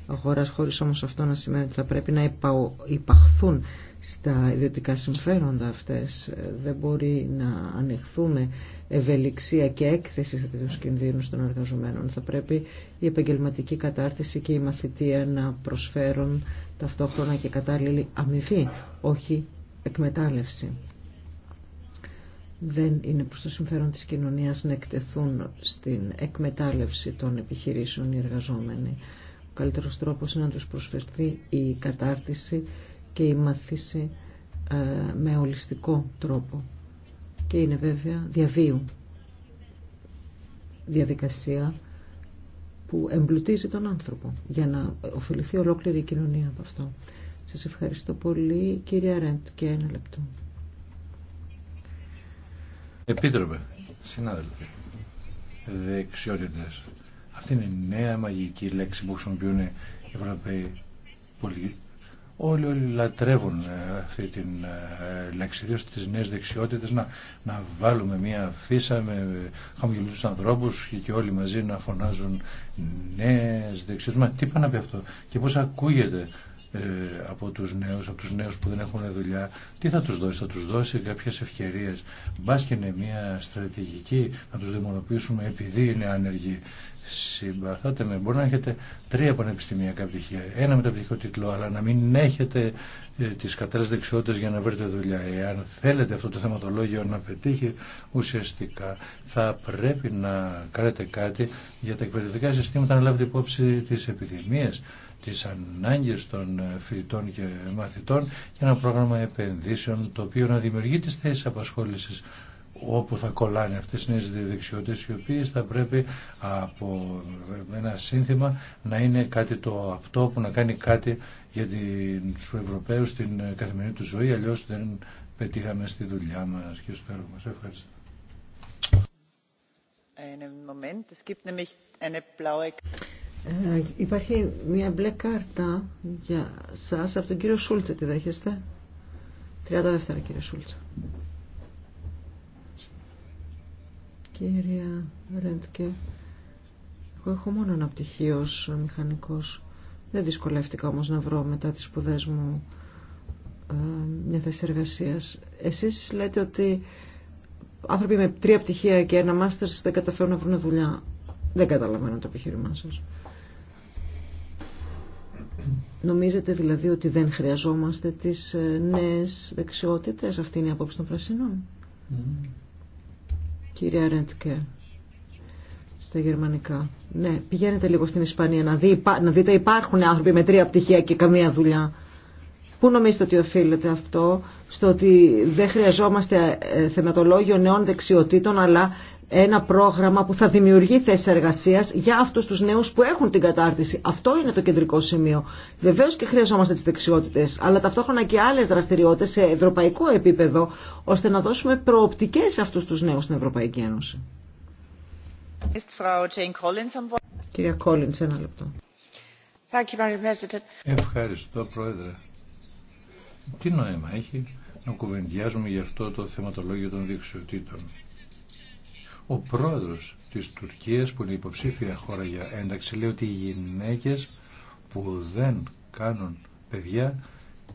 αγοράς, χωρίς όμως αυτό να σημαίνει ότι θα πρέπει να υπαχθούν στα ιδιωτικά συμφέροντα αυτές. Ε, δεν μπορεί να ανεχθούμε ευελιξία και έκθεση σε τέτοιους κινδύνους των εργαζομένων. Θα πρέπει η επαγγελματική κατάρτιση και η μαθητεία να προσφέρουν ταυτόχρονα και κατάλληλη αμοιβή, όχι εκμετάλλευση. Δεν είναι προς το συμφέρον της κοινωνίας να εκτεθούν στην εκμετάλλευση των επιχειρήσεων οι εργαζόμενοι. Ο καλύτερος τρόπος είναι να τους προσφερθεί η κατάρτιση και η μαθήση ε, με ολιστικό τρόπο. Και είναι βέβαια διαβίου διαδικασία που εμπλουτίζει τον άνθρωπο για να ωφεληθεί ολόκληρη η κοινωνία από αυτό. Σας ευχαριστώ πολύ. Κύριε Αρέντ, και ένα λεπτό. Επίτροπε, συνάδελφοι, δεξιότητες. Αυτή είναι η νέα μαγική λέξη που χρησιμοποιούν οι Ευρωπαίοι πολιτικοί. Όλοι, όλοι λατρεύουν ε, αυτή τη ε, λέξη, του τις νέες δεξιότητε, να, να βάλουμε μια φύσα με χαμογελού ανθρώπου και, και όλοι μαζί να φωνάζουν νέες δεξιότητες. Μα τι πάνε από αυτό και πώ ακούγεται ε, από τους νέους, από τους νέους που δεν έχουν δουλειά, τι θα τους δώσει, θα τους δώσει κάποιες ευκαιρίες. Μπάς και είναι μια στρατηγική, να τους δημονοποιήσουμε επειδή είναι άνεργοι. Συμπαθάτε με, μπορεί να έχετε τρία πανεπιστημιακά πτυχία, ένα μεταπτυχικό τίτλο, αλλά να μην έχετε ε, τις κατάλληλες δεξιότητες για να βρείτε δουλειά. Εάν θέλετε αυτό το θεματολόγιο να πετύχει ουσιαστικά, θα πρέπει να κάνετε κάτι για τα εκπαιδευτικά συστήματα, να λάβετε υπόψη τις επιθυμίες τις ανάγκες των φοιτητών και μαθητών και ένα πρόγραμμα επενδύσεων το οποίο να δημιουργεί τις θέσεις απασχόλησης όπου θα κολλάνε αυτές οι νέες δεξιότητες οι οποίες θα πρέπει από ένα σύνθημα να είναι κάτι το αυτό που να κάνει κάτι για τους Ευρωπαίους στην καθημερινή του ζωή αλλιώς δεν πετύχαμε στη δουλειά μας και στο έργο μας. Ευχαριστώ. Ε, υπάρχει μια μπλε κάρτα για σας από τον κύριο Σούλτσε. Τη δέχεστε. 30 δεύτερα κύριε Σούλτσε. Κύριε Ρέντκε, εγώ έχω μόνο ένα πτυχίο μηχανικός. Δεν δυσκολεύτηκα όμως να βρω μετά τις σπουδέ μου ε, μια θέση εργασία. Εσείς λέτε ότι άνθρωποι με τρία πτυχία και ένα μάστερ δεν καταφέρουν να βρουν δουλειά. Δεν καταλαβαίνω το επιχείρημά σας. Νομίζετε δηλαδή ότι δεν χρειαζόμαστε τις ε, νέες δεξιότητες, αυτή είναι η απόψη των πρασινών. Mm. Κυρία Ρέντκε, στα γερμανικά. Ναι, πηγαίνετε λίγο στην Ισπανία να, δει, να δείτε υπάρχουν άνθρωποι με τρία πτυχία και καμία δουλειά. Πού νομίζετε ότι οφείλεται αυτό, στο ότι δεν χρειαζόμαστε ε, θεματολόγιο νέων δεξιοτήτων, αλλά ένα πρόγραμμα που θα δημιουργεί θέσει εργασία για αυτού του νέου που έχουν την κατάρτιση. Αυτό είναι το κεντρικό σημείο. Βεβαίω και χρειαζόμαστε τι δεξιότητε, αλλά ταυτόχρονα και άλλε δραστηριότητε σε ευρωπαϊκό επίπεδο, ώστε να δώσουμε προοπτικέ σε αυτού του νέου στην Ευρωπαϊκή Ένωση. ένα λεπτό. Ευχαριστώ, Πρόεδρε. Τι νόημα έχει να κουβεντιάζουμε γι' αυτό το θεματολόγιο των δεξιοτήτων. Ο πρόεδρος της Τουρκίας που είναι υποψήφια χώρα για ένταξη λέει ότι οι γυναίκες που δεν κάνουν παιδιά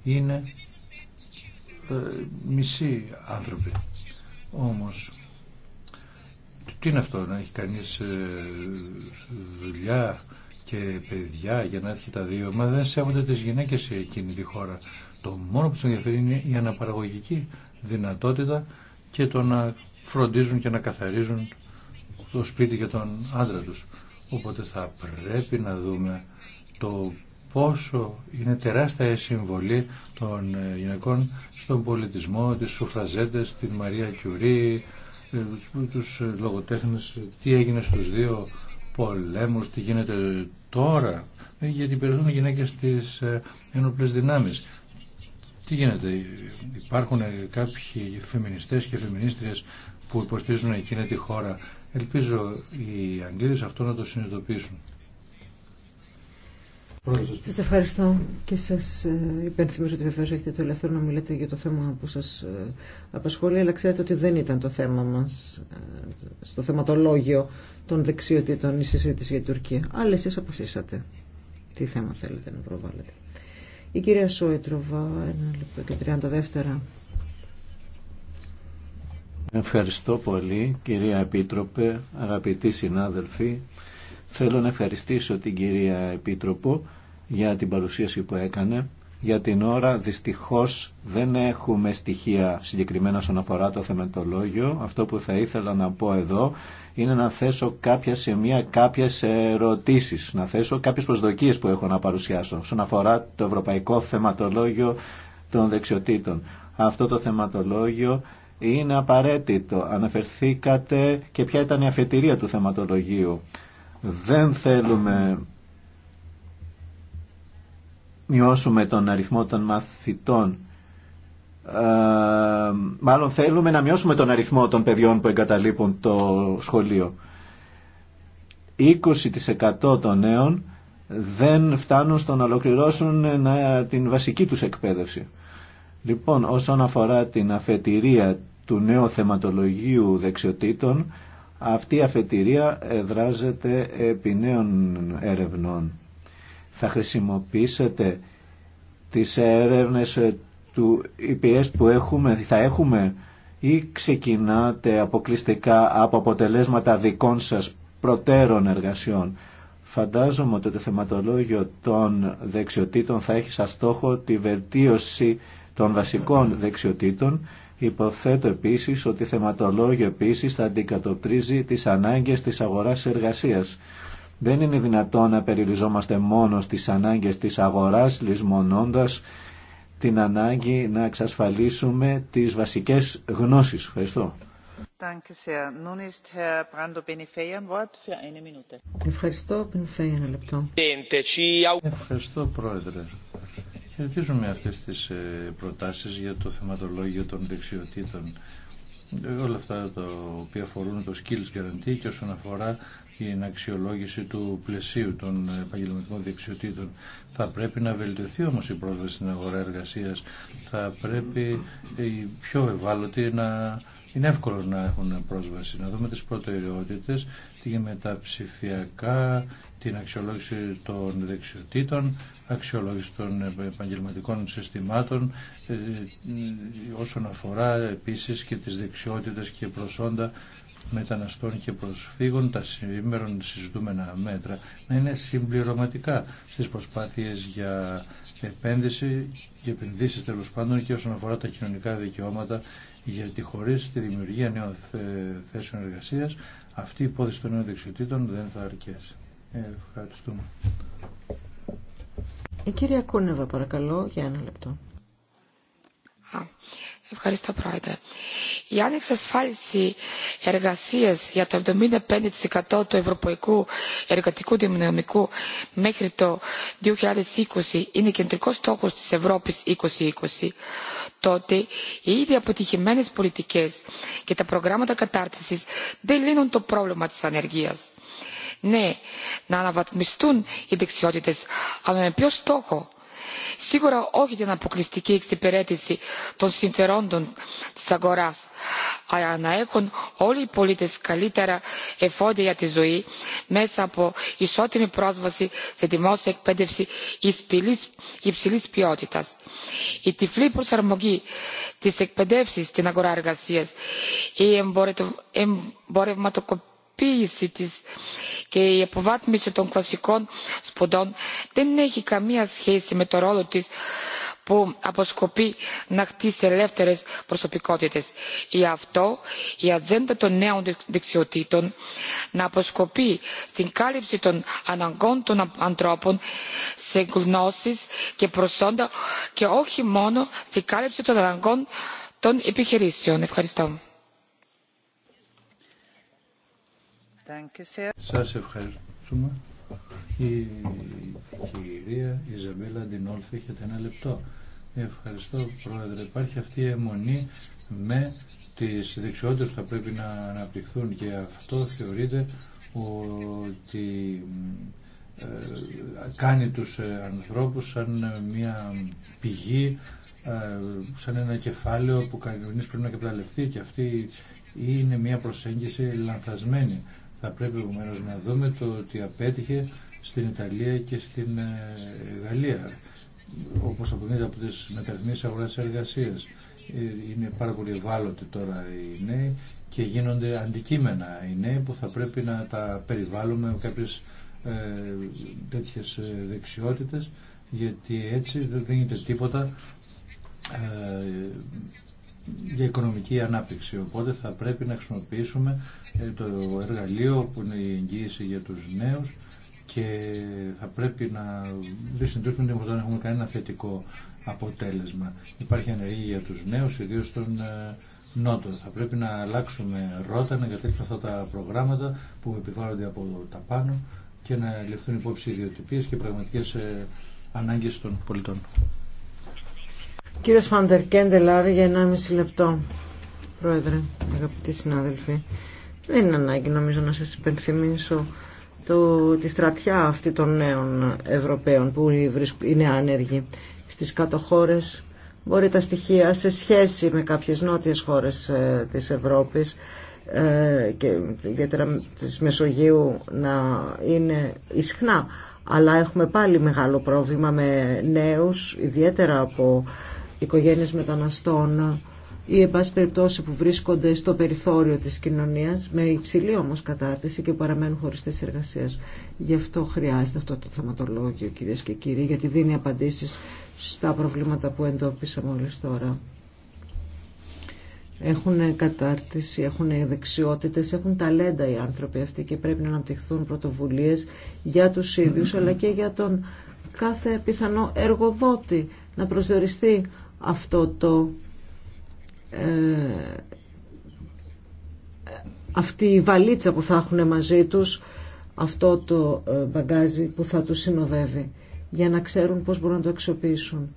είναι ε, μισοί άνθρωποι. Όμως τι είναι αυτό να έχει κανείς ε, δουλειά και παιδιά για να έρχεται τα δύο μα δεν σέβονται τις γυναίκες σε εκείνη τη χώρα το μόνο που του ενδιαφέρει είναι η αναπαραγωγική δυνατότητα και το να φροντίζουν και να καθαρίζουν το σπίτι και τον άντρα τους. Οπότε θα πρέπει να δούμε το πόσο είναι τεράστια η συμβολή των ε, γυναικών στον πολιτισμό, τις σουφραζέντες, την Μαρία Κιουρί, ε, τους ε, λογοτέχνες, τι έγινε στους δύο πολέμους, τι γίνεται τώρα, γιατί περιθούν γυναίκες στις ένοπλες δυνάμεις. Τι γίνεται, υπάρχουν κάποιοι φεμινιστές και φεμινίστριες που υποστηρίζουν εκείνη τη χώρα. Ελπίζω οι Αγγλίδες αυτό να το συνειδητοποιήσουν. Σας ευχαριστώ και σας ε, υπενθυμίζω ότι βεβαίως έχετε το ελεύθερο να μιλάτε για το θέμα που σας ε, απασχολεί, αλλά ξέρετε ότι δεν ήταν το θέμα μας ε, στο θεματολόγιο των δεξιοτήτων η συζήτηση για την Τουρκία. Αλλά εσείς αποφασίσατε τι θέμα θέλετε να προβάλλετε. Η κυρία Σόιτροβα, ένα λεπτό και 30 δεύτερα. Ευχαριστώ πολύ κυρία Επίτροπε, αγαπητοί συνάδελφοι. Θέλω να ευχαριστήσω την κυρία Επίτροπο για την παρουσίαση που έκανε για την ώρα δυστυχώς δεν έχουμε στοιχεία συγκεκριμένα όσον αφορά το θεμετολόγιο. Αυτό που θα ήθελα να πω εδώ είναι να θέσω κάποια σημεία, κάποιες ερωτήσεις, να θέσω κάποιες προσδοκίες που έχω να παρουσιάσω όσον αφορά το ευρωπαϊκό θεματολόγιο των δεξιοτήτων. Αυτό το θεματολόγιο είναι απαραίτητο. Αναφερθήκατε και ποια ήταν η αφετηρία του θεματολογίου. Δεν θέλουμε μειώσουμε τον αριθμό των μαθητών. Ε, μάλλον θέλουμε να μειώσουμε τον αριθμό των παιδιών που εγκαταλείπουν το σχολείο. 20% των νέων δεν φτάνουν στο να ολοκληρώσουν ε, την βασική τους εκπαίδευση. Λοιπόν, όσον αφορά την αφετηρία του νέου θεματολογίου δεξιοτήτων, αυτή η αφετηρία εδράζεται επί νέων ερευνών. Θα χρησιμοποιήσετε τις έρευνες ε, του EPS που έχουμε, θα έχουμε ή ξεκινάτε αποκλειστικά από αποτελέσματα δικών σας προτέρων εργασιών. Φαντάζομαι ότι το θεματολόγιο των δεξιοτήτων θα έχει σαν στόχο τη βελτίωση των βασικών δεξιοτήτων. Υποθέτω επίσης ότι θεματολόγιο επίσης θα αντικατοπτρίζει τις ανάγκες της αγοράς εργασίας. Δεν είναι δυνατόν να περιοριζόμαστε μόνο στις ανάγκες της αγοράς, λησμονώντας την ανάγκη να εξασφαλίσουμε τις βασικές γνώσεις. Ευχαριστώ. Ευχαριστώ, ένα λεπτό. Ευχαριστώ, Πρόεδρε. Χαιρετίζουμε αυτές τις ε, προτάσεις για το θεματολόγιο των δεξιοτήτων ε, όλα αυτά τα οποία αφορούν το skills guarantee και όσον αφορά την αξιολόγηση του πλαισίου των επαγγελματικών δεξιοτήτων. Θα πρέπει να βελτιωθεί όμως η πρόσβαση στην αγορά εργασίας. Θα πρέπει οι πιο ευάλωτοι να είναι εύκολο να έχουν πρόσβαση. Να δούμε τις προτεραιότητες, τι με την αξιολόγηση των δεξιοτήτων, αξιολόγηση των επαγγελματικών συστημάτων, ε, ε, όσον αφορά επίσης και τις δεξιότητες και προσόντα μεταναστών και προσφύγων τα σήμερα συζητούμενα μέτρα να είναι συμπληρωματικά στις προσπάθειες για επένδυση και επενδύσεις τέλο πάντων και όσον αφορά τα κοινωνικά δικαιώματα γιατί χωρίς τη δημιουργία νέων θέσεων εργασίας αυτή η υπόθεση των νέων δεξιοτήτων δεν θα αρκέσει. Ε, ευχαριστούμε. Η ε, κυρία Κούνεβα παρακαλώ για ένα λεπτό. Ευχαριστώ, Πρόεδρε. Η ανεξασφάλιση εργασία για το 75% του ευρωπαϊκού εργατικού δυναμικού μέχρι το 2020 είναι κεντρικό στόχο τη Ευρώπη 2020, τότε οι ήδη αποτυχημένε πολιτικέ και τα προγράμματα κατάρτιση δεν λύνουν το πρόβλημα τη ανεργία. Ναι, να αναβαθμιστούν οι δεξιότητε, αλλά με ποιο στόχο σίγουρα όχι την αποκλειστική εξυπηρέτηση των συμφερόντων της αγοράς αλλά να έχουν όλοι οι πολίτε καλύτερα εφόδια για τη ζωή μέσα από ισότιμη πρόσβαση σε δημόσια εκπαίδευση υψηλή ποιότητα Η τυφλή προσαρμογή της εκπαίδευσης στην αγορά εργασία η εμπορευματοποίηση της και η αποβάθμιση των κλασικών σπουδών δεν έχει καμία σχέση με το ρόλο της που αποσκοπεί να χτίσει ελεύθερε προσωπικότητε. Γι' αυτό η ατζέντα των νέων δεξιοτήτων να αποσκοπεί στην κάλυψη των αναγκών των ανθρώπων σε γνώσει και προσόντα και όχι μόνο στην κάλυψη των αναγκών των επιχειρήσεων. Ευχαριστώ. Σας ευχαριστούμε. Η κυρία Ιζαμπέλα Αντινόλφη έχετε ένα λεπτό. Ευχαριστώ Πρόεδρε. Υπάρχει αυτή η αιμονή με τις δεξιότητες που θα πρέπει να αναπτυχθούν και αυτό θεωρείται ότι ε, κάνει τους ε, ανθρώπους σαν μια πηγή, ε, σαν ένα κεφάλαιο που κανείς πρέπει να καταλευθεί και αυτή είναι μια προσέγγιση λανθασμένη. Θα πρέπει επομένω να δούμε το ότι απέτυχε στην Ιταλία και στην ε, Γαλλία όπως αποδείται από τις μεταρρυθμίσεις αγοράς εργασίας. Ε, είναι πάρα πολύ ευάλωτοι τώρα οι νέοι και γίνονται αντικείμενα οι νέοι που θα πρέπει να τα περιβάλλουμε με κάποιες τέτοιε τέτοιες ε, δεξιότητες γιατί έτσι δεν γίνεται τίποτα για οικονομική ανάπτυξη. Οπότε θα πρέπει να χρησιμοποιήσουμε ε, το εργαλείο που είναι η εγγύηση για τους νέους και θα πρέπει να δυσυντούσουμε ότι δεν έχουμε κανένα θετικό αποτέλεσμα. Υπάρχει ανεργία για τους νέους, ιδίως στον ε, Νότο. Θα πρέπει να αλλάξουμε ρότα, να εγκατέλειψουμε αυτά τα προγράμματα που επιβάλλονται από τα πάνω και να ληφθούν υπόψη ιδιωτικίες και πραγματικές ε, ανάγκες των πολιτών. Κύριε Φαντερ Κέντελάρ για 1,5 λεπτό. Πρόεδρε, αγαπητοί συνάδελφοι, δεν είναι ανάγκη νομίζω να σας υπενθυμίσω το, τη στρατιά αυτή των νέων Ευρωπαίων που είναι άνεργοι στις κάτω χώρες. Μπορεί τα στοιχεία σε σχέση με κάποιες νότιες χώρες ε, της Ευρώπης ε, και ιδιαίτερα της Μεσογείου να είναι ισχνά. Αλλά έχουμε πάλι μεγάλο πρόβλημα με νέους, ιδιαίτερα από οικογένειες μεταναστών ή εν πάση περιπτώσει που βρίσκονται στο περιθώριο της κοινωνίας με υψηλή όμως κατάρτιση και παραμένουν χωρίς τις εργασίες. Γι' αυτό χρειάζεται αυτό το θεματολόγιο κυρίες και κύριοι γιατί δίνει απαντήσεις στα προβλήματα που εντόπισα μόλις τώρα. Έχουν κατάρτιση, έχουν δεξιότητες, έχουν ταλέντα οι άνθρωποι αυτοί και πρέπει να αναπτυχθούν πρωτοβουλίες για τους ίδιους αλλά και για τον κάθε πιθανό εργοδότη να προσδιοριστεί αυτό το ε, αυτή η βαλίτσα που θα έχουν μαζί τους αυτό το ε, μπαγκάζι που θα τους συνοδεύει για να ξέρουν πώς μπορούν να το αξιοποιήσουν.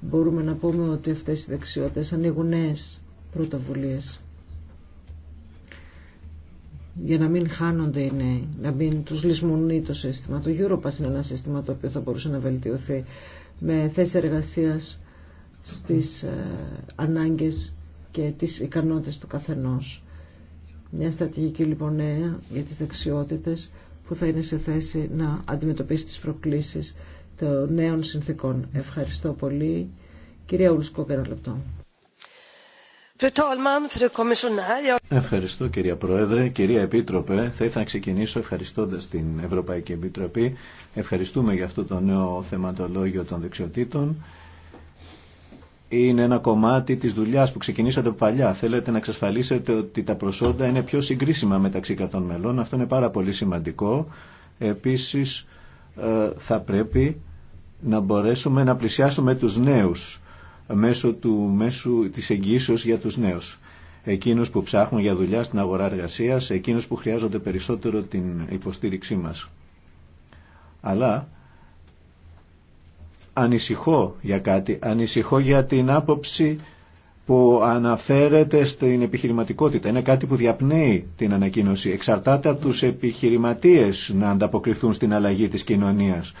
Μπορούμε να πούμε ότι αυτές οι δεξιότητες ανοίγουν νέε πρωτοβουλίες για να μην χάνονται οι νέοι, να μην τους λησμονεί το σύστημα. Το Europass είναι ένα σύστημα το οποίο θα μπορούσε να βελτιωθεί με θέσεις εργασίας στις ε, ανάγκες και τις ικανότητες του καθενός. Μια στρατηγική λοιπόν νέα για τις δεξιότητες που θα είναι σε θέση να αντιμετωπίσει τις προκλήσεις των νέων συνθήκων. Ευχαριστώ πολύ. Κυρία Ουλσκό, ένα λεπτό. Ευχαριστώ κυρία Πρόεδρε, κυρία Επίτροπε. Θα ήθελα να ξεκινήσω ευχαριστώντας την Ευρωπαϊκή Επιτροπή. Ευχαριστούμε για αυτό το νέο θεματολόγιο των δεξιοτήτων είναι ένα κομμάτι της δουλειάς που ξεκινήσατε παλιά. Θέλετε να εξασφαλίσετε ότι τα προσόντα είναι πιο συγκρίσιμα μεταξύ κρατών μελών. Αυτό είναι πάρα πολύ σημαντικό. Επίσης ε, θα πρέπει να μπορέσουμε να πλησιάσουμε τους νέους μέσω, του, μέσω της εγγύσεως για τους νέους. Εκείνους που ψάχνουν για δουλειά στην αγορά εργασίας, εκείνους που χρειάζονται περισσότερο την υποστήριξή μας. Αλλά ανησυχώ για κάτι. Ανησυχώ για την άποψη που αναφέρεται στην επιχειρηματικότητα. Είναι κάτι που διαπνέει την ανακοίνωση. Εξαρτάται από τους επιχειρηματίες να ανταποκριθούν στην αλλαγή της κοινωνίας,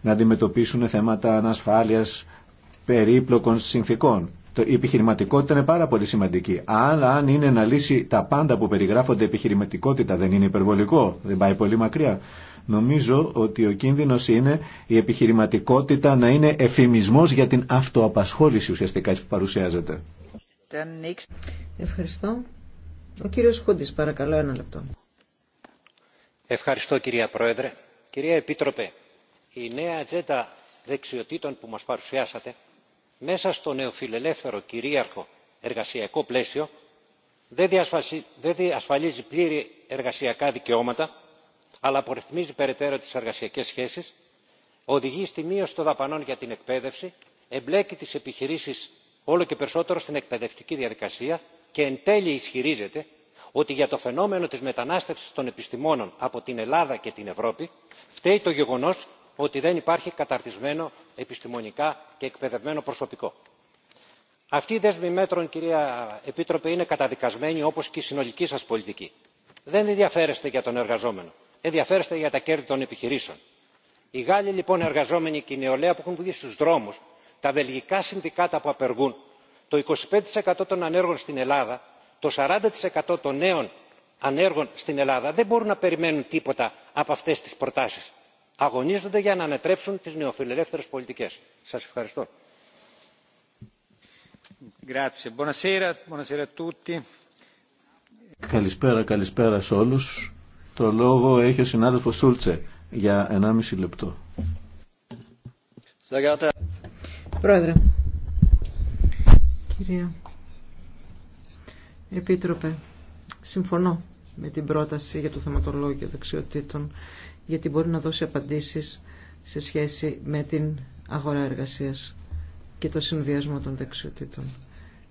να αντιμετωπίσουν θέματα ανασφάλειας περίπλοκων συνθήκων. Η επιχειρηματικότητα είναι πάρα πολύ σημαντική. Αλλά αν είναι να λύσει τα πάντα που περιγράφονται επιχειρηματικότητα δεν είναι υπερβολικό, δεν πάει πολύ μακριά. Νομίζω ότι ο κίνδυνος είναι η επιχειρηματικότητα να είναι εφημισμός για την αυτοαπασχόληση ουσιαστικά που παρουσιάζεται. Ευχαριστώ. Ο κύριος Χούντης, παρακαλώ ένα λεπτό. Ευχαριστώ κυρία Πρόεδρε. Κυρία Επίτροπε, η νέα ατζέντα δεξιοτήτων που μας παρουσιάσατε μέσα στο νεοφιλελεύθερο κυρίαρχο εργασιακό πλαίσιο δεν διασφαλίζει πλήρη εργασιακά δικαιώματα αλλά απορριθμίζει περαιτέρω τι εργασιακέ σχέσει οδηγεί στη μείωση των δαπανών για την εκπαίδευση εμπλέκει τι επιχειρήσει όλο και περισσότερο στην εκπαιδευτική διαδικασία και εν τέλει ισχυρίζεται ότι για το φαινόμενο τη μετανάστευση των επιστημόνων από την ελλάδα και την ευρώπη φταίει το γεγονό ότι δεν υπάρχει καταρτισμένο επιστημονικά και εκπαιδευμένο προσωπικό. αυτή η δέσμη μέτρων κυρία επίτροπε είναι καταδικασμένη όπω και η συνολική σα πολιτική. δεν ενδιαφέρεστε για τον εργαζόμενο ενδιαφέρεστε για τα κέρδη των επιχειρήσεων. οι γάλλοι λοιπόν εργαζόμενοι και η νεολαία που έχουν βγει στους δρόμους τα βελγικά συνδικάτα που απεργούν το 25% των ανέργων στην ελλάδα το 40% των νέων ανέργων στην ελλάδα δεν μπορούν να περιμένουν τίποτα από αυτές τις προτάσεις. αγωνίζονται για να ανατρέψουν τις νεοφιλελεύθερες πολιτικές. σας ευχαριστώ. Καλησπέρα, καλησπέρα σε το λόγο έχει ο συνάδελφο Σούλτσε για 1,5 λεπτό. Πρόεδρε, κυρία Επίτροπε, συμφωνώ με την πρόταση για το θεματολόγιο δεξιοτήτων γιατί μπορεί να δώσει απαντήσεις σε σχέση με την αγορά εργασίας και το συνδυασμό των δεξιοτήτων.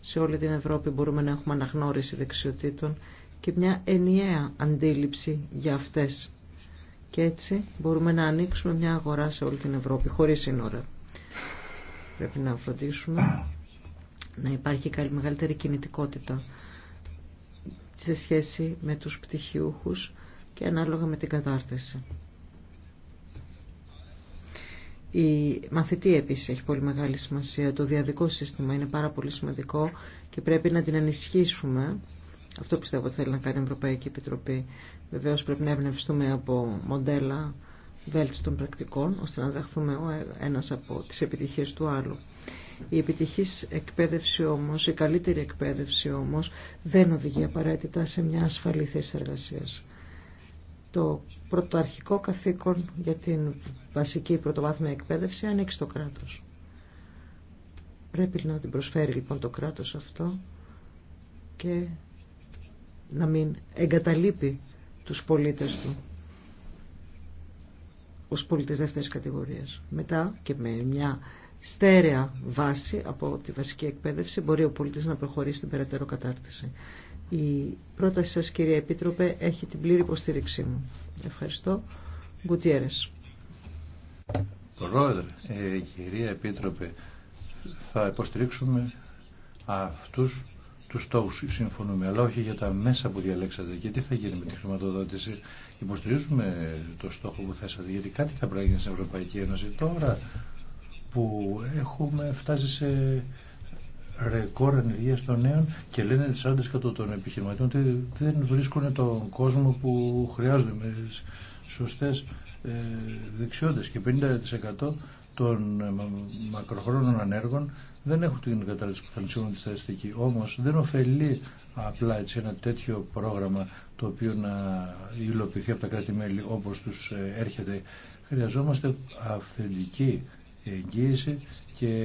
Σε όλη την Ευρώπη μπορούμε να έχουμε αναγνώριση δεξιοτήτων και μια ενιαία αντίληψη για αυτές. Και έτσι μπορούμε να ανοίξουμε μια αγορά σε όλη την Ευρώπη, χωρίς σύνορα. Πρέπει να φροντίσουμε να υπάρχει καλή, μεγαλύτερη κινητικότητα σε σχέση με τους πτυχιούχους και ανάλογα με την κατάρτιση. Η μαθητή επίσης έχει πολύ μεγάλη σημασία. Το διαδικό σύστημα είναι πάρα πολύ σημαντικό και πρέπει να την ενισχύσουμε αυτό πιστεύω ότι θέλει να κάνει η Ευρωπαϊκή Επιτροπή. Βεβαίω πρέπει να εμπνευστούμε από μοντέλα βέλτιστων πρακτικών, ώστε να δεχθούμε ο ένα από τι επιτυχίε του άλλου. Η επιτυχη εκπαίδευση όμω, η καλύτερη εκπαίδευση όμω, δεν οδηγεί απαραίτητα σε μια ασφαλή θέση εργασία. Το πρωτοαρχικό καθήκον για την βασική πρωτοβάθμια εκπαίδευση ανήκει στο κράτο. Πρέπει να την προσφέρει λοιπόν το κράτο αυτό και να μην εγκαταλείπει τους πολίτες του ως πολίτες δεύτερης κατηγορίας. Μετά και με μια στέρεα βάση από τη βασική εκπαίδευση μπορεί ο πολίτης να προχωρήσει στην περαιτέρω κατάρτιση. Η πρόταση σας κυρία Επίτροπε έχει την πλήρη υποστήριξή μου. Ευχαριστώ. Γκουτιέρες. Πρόεδρε, ε, κυρία Επίτροπε, θα υποστηρίξουμε αυτούς του στόχου συμφωνούμε, αλλά όχι για τα μέσα που διαλέξατε γιατί θα γίνει με τη χρηματοδότηση. Υποστηρίζουμε το στόχο που θέσατε, γιατί κάτι θα πρέπει να στην Ευρωπαϊκή Ένωση τώρα που έχουμε φτάσει σε ρεκόρ ενεργεία των νέων και λένε τις άντρες κατά των επιχειρηματών ότι δεν βρίσκουν τον κόσμο που χρειάζονται με σωστές ε, δεξιότητες και 50% των ε, μακροχρόνων ανέργων δεν έχουν την κατάρτιση που θα ενσύγουν τη στατιστική. Όμως δεν ωφελεί απλά έτσι ένα τέτοιο πρόγραμμα το οποίο να υλοποιηθεί από τα κράτη-μέλη όπως τους ε, έρχεται. Χρειαζόμαστε αυθεντική εγγύηση και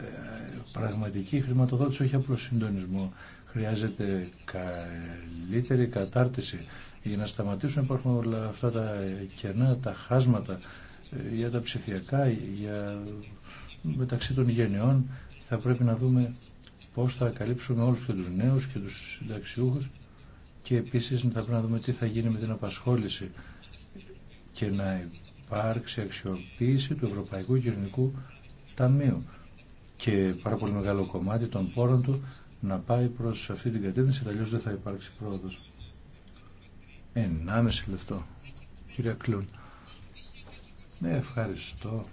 ε, πραγματική χρηματοδότηση, όχι απλώ συντονισμό. Χρειάζεται καλύτερη κατάρτιση για να σταματήσουν να υπάρχουν όλα αυτά τα κενά, τα χάσματα ε, για τα ψηφιακά, για μεταξύ των γενεών θα πρέπει να δούμε πώς θα καλύψουμε όλους και τους νέους και τους συνταξιούχους και επίσης θα πρέπει να δούμε τι θα γίνει με την απασχόληση και να υπάρξει αξιοποίηση του Ευρωπαϊκού Κοινωνικού Ταμείου και πάρα πολύ μεγάλο κομμάτι των πόρων του να πάει προς αυτή την κατεύθυνση, αλλιώ δεν θα υπάρξει πρόοδος. Ενάμεση λεπτό. Κυρία Κλούν. Ναι, ευχαριστώ.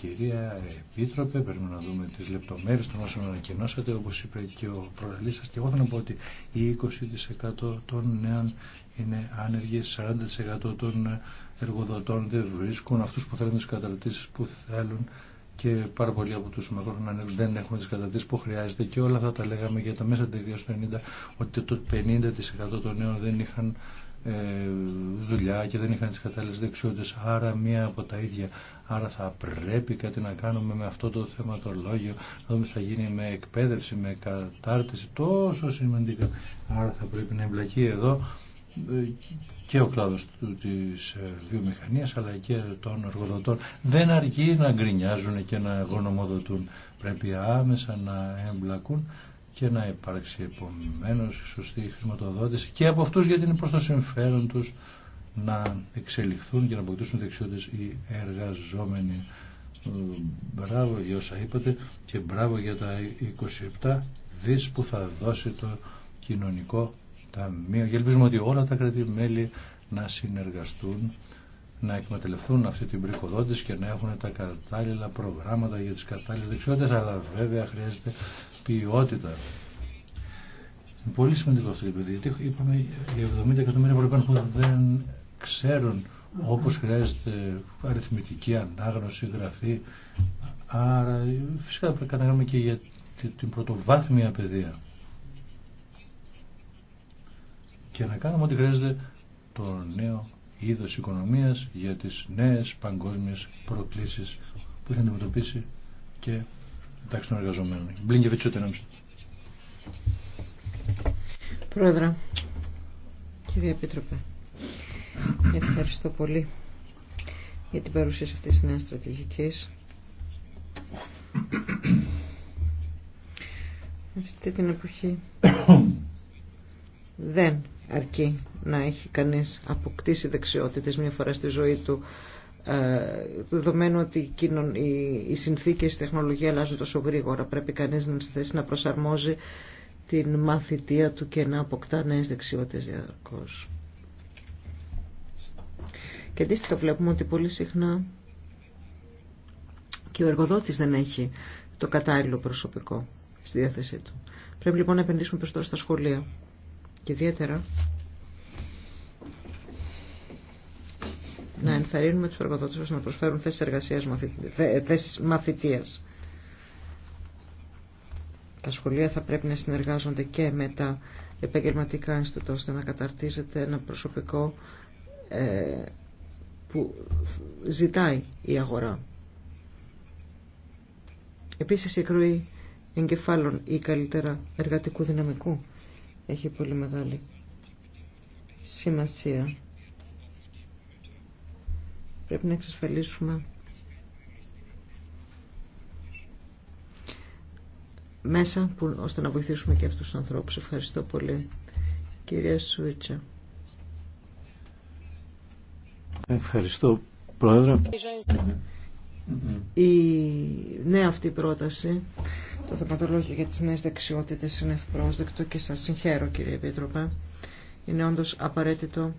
Κυρία Επίτροπε, πρέπει να δούμε τις λεπτομέρειες των όσων ανακοινώσατε, όπως είπε και ο προελής σας. Και εγώ θα πω ότι οι 20% των νέων είναι άνεργοι, 40% των εργοδοτών δεν βρίσκουν αυτούς που θέλουν τις καταρτήσεις που θέλουν και πάρα πολλοί από τους μεγάλους ανέργους δεν έχουν τις καταρτήσεις που χρειάζεται και όλα αυτά τα λέγαμε για τα μέσα της 1990 ότι το 50% των νέων δεν είχαν ε, δουλειά και δεν είχαν τις κατάλληλες δεξιότητες άρα μία από τα ίδια άρα θα πρέπει κάτι να κάνουμε με αυτό το θεματολόγιο να δούμε τι θα γίνει με εκπαίδευση, με κατάρτιση τόσο σημαντικά άρα θα πρέπει να εμπλακεί εδώ ε, και ο κλάδος της ε, βιομηχανίας αλλά και των εργοδοτών δεν αρκεί να γκρινιάζουν και να γονομοδοτούν πρέπει άμεσα να εμπλακούν και να υπάρξει επομένω σωστή χρηματοδότηση και από αυτού γιατί είναι προ το συμφέρον τους να εξελιχθούν και να αποκτήσουν δεξιότητε οι εργαζόμενοι. Μπράβο για όσα είπατε και μπράβο για τα 27 δις που θα δώσει το κοινωνικό ταμείο. Και ελπίζουμε ότι όλα τα κρατημέλη να συνεργαστούν να εκμεταλλευτούν αυτή την πρικοδότηση και να έχουν τα κατάλληλα προγράμματα για τις κατάλληλες δεξιότητες, αλλά βέβαια χρειάζεται ποιότητα. Είναι πολύ σημαντικό αυτό το παιδί, γιατί είπαμε οι 70 εκατομμύρια Ευρωπαίων που δεν ξέρουν όπως χρειάζεται αριθμητική ανάγνωση, γραφή. Άρα φυσικά πρέπει να και για την πρωτοβάθμια παιδεία. Και να κάνουμε ό,τι χρειάζεται το νέο είδος οικονομίας για τις νέες παγκόσμιες προκλήσεις που έχει αντιμετωπίσει και μεταξύ των εργαζομένων. Πρόεδρε, κύριε Επίτροπε, ευχαριστώ πολύ για την παρουσίαση αυτής της νέας στρατηγικής. Αυτή την εποχή δεν αρκεί να έχει κανείς αποκτήσει δεξιότητες μία φορά στη ζωή του ε, δεδομένου ότι οι συνθήκες, η τεχνολογία αλλάζουν τόσο γρήγορα πρέπει κανείς να θέσει να προσαρμόζει την μαθητεία του και να αποκτά νέες δεξιότητες διαρκώς. Και αντίστοιχα βλέπουμε ότι πολύ συχνά και ο εργοδότης δεν έχει το κατάλληλο προσωπικό στη διάθεσή του. Πρέπει λοιπόν να επενδύσουμε περισσότερο στα σχολεία και ιδιαίτερα να ενθαρρύνουμε του εργοδότε ώστε να προσφέρουν θέσει εργασία Τα σχολεία θα πρέπει να συνεργάζονται και με τα επαγγελματικά Ινστιτούτα ώστε να καταρτίζεται ένα προσωπικό ε, που ζητάει η αγορά. Επίσης η εκροή εγκεφάλων ή καλύτερα εργατικού δυναμικού έχει πολύ μεγάλη σημασία. Πρέπει να εξασφαλίσουμε μέσα που, ώστε να βοηθήσουμε και αυτούς τους ανθρώπους. Ευχαριστώ πολύ. Κυρία Σουίτσα. Ευχαριστώ, Πρόεδρε. Η νέα αυτή πρόταση, το θεματολόγιο για τις νέες δεξιότητες είναι ευπρόσδεκτο και σας συγχαίρω κύριε Επίτροπε. Είναι όντως απαραίτητο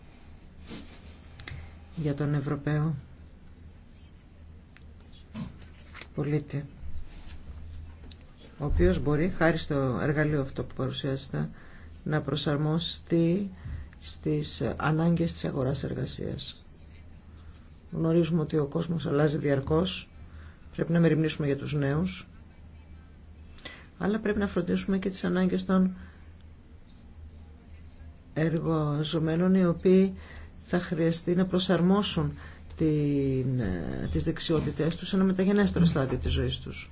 για τον Ευρωπαίο πολίτη ο οποίος μπορεί χάρη στο εργαλείο αυτό που παρουσιάζεται να προσαρμοστεί στις ανάγκες της αγοράς εργασίας. Γνωρίζουμε ότι ο κόσμος αλλάζει διαρκώς, πρέπει να μεριμνήσουμε για τους νέους, αλλά πρέπει να φροντίσουμε και τις ανάγκες των εργοζομένων οι οποίοι θα χρειαστεί να προσαρμόσουν την, ε, τις δεξιότητές τους σε ένα μεταγενέστερο στάδιο της ζωής τους.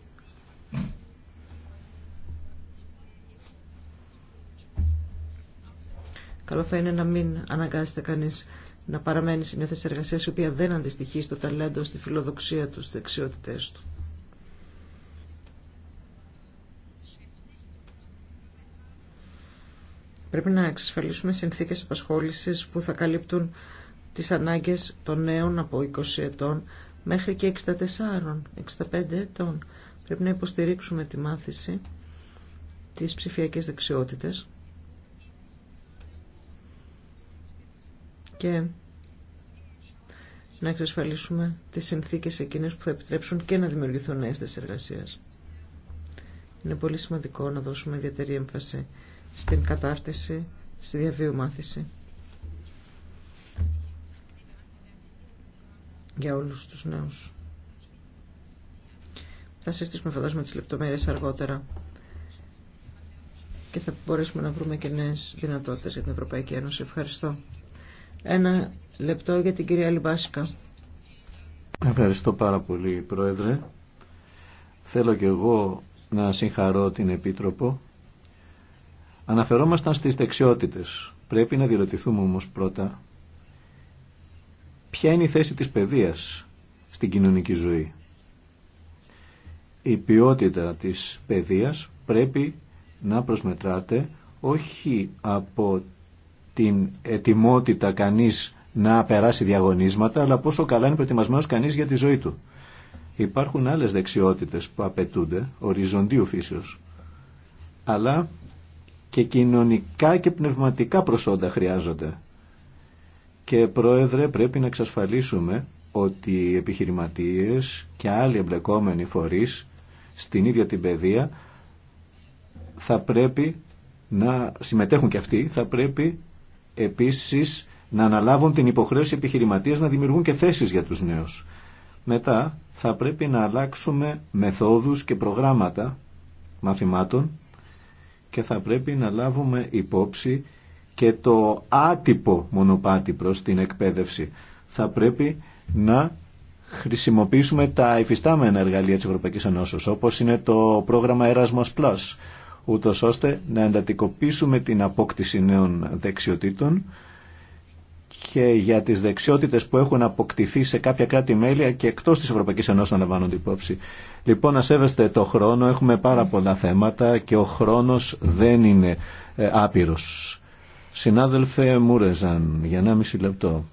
Καλό θα είναι να μην αναγκάζεται κανείς να παραμένει σε μια θέση εργασίας η οποία δεν αντιστοιχεί στο ταλέντο, στη φιλοδοξία του, στις δεξιότητές του. Πρέπει να εξασφαλίσουμε συνθήκες απασχόλησης που θα καλύπτουν τις ανάγκες των νέων από 20 ετών μέχρι και 64, 65 ετών. Πρέπει να υποστηρίξουμε τη μάθηση, τις ψηφιακής δεξιότητες και να εξασφαλίσουμε τις συνθήκες εκείνες που θα επιτρέψουν και να δημιουργηθούν νέες εργασίες. Είναι πολύ σημαντικό να δώσουμε ιδιαίτερη έμφαση στην κατάρτιση, στη διαβίου μάθηση. Για όλους τους νέους. Θα συστήσουμε φαντάζομαι τις λεπτομέρειες αργότερα και θα μπορέσουμε να βρούμε και νέε δυνατότητες για την Ευρωπαϊκή Ένωση. Ευχαριστώ. Ένα λεπτό για την κυρία Λιμπάσικα. Ευχαριστώ πάρα πολύ, Πρόεδρε. Θέλω και εγώ να συγχαρώ την Επίτροπο Αναφερόμασταν στις δεξιότητες. Πρέπει να διερωτηθούμε όμως πρώτα ποια είναι η θέση της παιδείας στην κοινωνική ζωή. Η ποιότητα της παιδείας πρέπει να προσμετράται όχι από την ετοιμότητα κανείς να περάσει διαγωνίσματα, αλλά πόσο καλά είναι προετοιμασμένος κανείς για τη ζωή του. Υπάρχουν άλλες δεξιότητες που απαιτούνται, οριζοντίου φύσεως, αλλά και κοινωνικά και πνευματικά προσόντα χρειάζονται. Και Πρόεδρε πρέπει να εξασφαλίσουμε ότι οι επιχειρηματίες και άλλοι εμπλεκόμενοι φορείς στην ίδια την παιδεία θα πρέπει να συμμετέχουν και αυτοί, θα πρέπει επίσης να αναλάβουν την υποχρέωση επιχειρηματίες να δημιουργούν και θέσεις για τους νέους. Μετά θα πρέπει να αλλάξουμε μεθόδους και προγράμματα μαθημάτων και θα πρέπει να λάβουμε υπόψη και το άτυπο μονοπάτι προς την εκπαίδευση. Θα πρέπει να χρησιμοποιήσουμε τα υφιστάμενα εργαλεία της Ευρωπαϊκής Ενώσεως, όπως είναι το πρόγραμμα Erasmus+, ούτως ώστε να εντατικοποιήσουμε την απόκτηση νέων δεξιοτήτων και για τις δεξιότητες που έχουν αποκτηθεί σε κάποια κράτη-μέλη και εκτός της Ευρωπαϊκής Ενώσης να λαμβάνονται υπόψη. Λοιπόν, να σέβεστε το χρόνο, έχουμε πάρα πολλά θέματα και ο χρόνος δεν είναι ε, άπειρος. Συνάδελφε Μούρεζαν, για μισή λεπτό.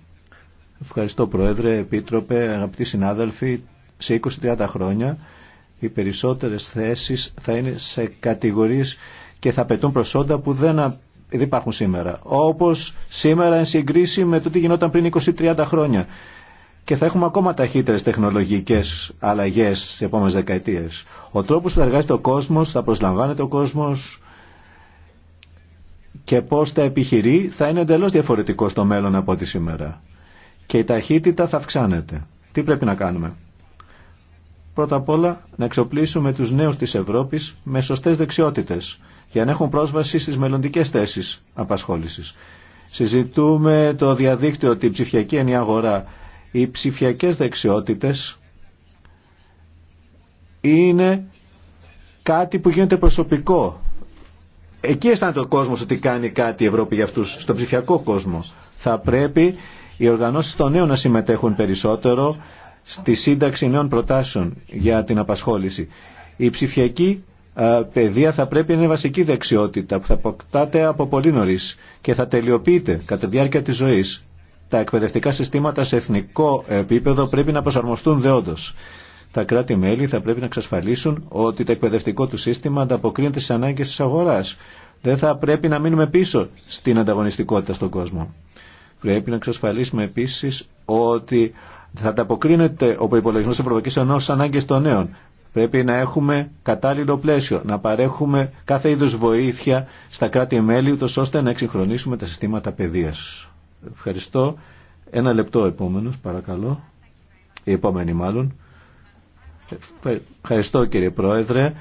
Ευχαριστώ Πρόεδρε, Επίτροπε, αγαπητοί συνάδελφοι. Σε 20-30 χρόνια οι περισσότερες θέσεις θα είναι σε κατηγορίες και θα πετούν προσόντα που δεν δεν υπάρχουν σήμερα. Όπως σήμερα εν συγκρίση με το τι γινόταν πριν 20-30 χρόνια. Και θα έχουμε ακόμα ταχύτερες τεχνολογικές αλλαγές στις επόμενες δεκαετίες. Ο τρόπος που θα εργάζεται ο κόσμος, θα προσλαμβάνεται ο κόσμος και πώς θα επιχειρεί θα είναι εντελώς διαφορετικό στο μέλλον από ό,τι σήμερα. Και η ταχύτητα θα αυξάνεται. Τι πρέπει να κάνουμε. Πρώτα απ' όλα να εξοπλίσουμε τους νέους της Ευρώπης με σωστές δεξιότητες για να έχουν πρόσβαση στις μελλοντικέ θέσεις απασχόλησης. Συζητούμε το διαδίκτυο, την ψηφιακή ενιαγορά. Οι ψηφιακές δεξιότητες είναι κάτι που γίνεται προσωπικό. Εκεί αισθάνεται ο κόσμο ότι κάνει κάτι η Ευρώπη για αυτού, στον ψηφιακό κόσμο. Θα πρέπει οι οργανώσει των νέων να συμμετέχουν περισσότερο στη σύνταξη νέων προτάσεων για την απασχόληση. Η ψηφιακή ε, παιδεία θα πρέπει να είναι βασική δεξιότητα που θα αποκτάτε από πολύ νωρί και θα τελειοποιείται κατά τη διάρκεια τη ζωή. Τα εκπαιδευτικά συστήματα σε εθνικό επίπεδο πρέπει να προσαρμοστούν δεόντω. Τα κράτη-μέλη θα πρέπει να εξασφαλίσουν ότι το εκπαιδευτικό του σύστημα ανταποκρίνεται στι ανάγκε τη αγορά. Δεν θα πρέπει να μείνουμε πίσω στην ανταγωνιστικότητα στον κόσμο. Πρέπει να εξασφαλίσουμε επίση ότι θα ανταποκρίνεται ο προπολογισμό τη Ευρωπαϊκή Ενώση στι ανάγκε των νέων. Πρέπει να έχουμε κατάλληλο πλαίσιο, να παρέχουμε κάθε είδους βοήθεια στα κράτη-μέλη, ούτως ώστε να εξυγχρονίσουμε τα συστήματα παιδείας. Ευχαριστώ. Ένα λεπτό επόμενος, παρακαλώ. Η επόμενη μάλλον. Ευχαριστώ κύριε Πρόεδρε.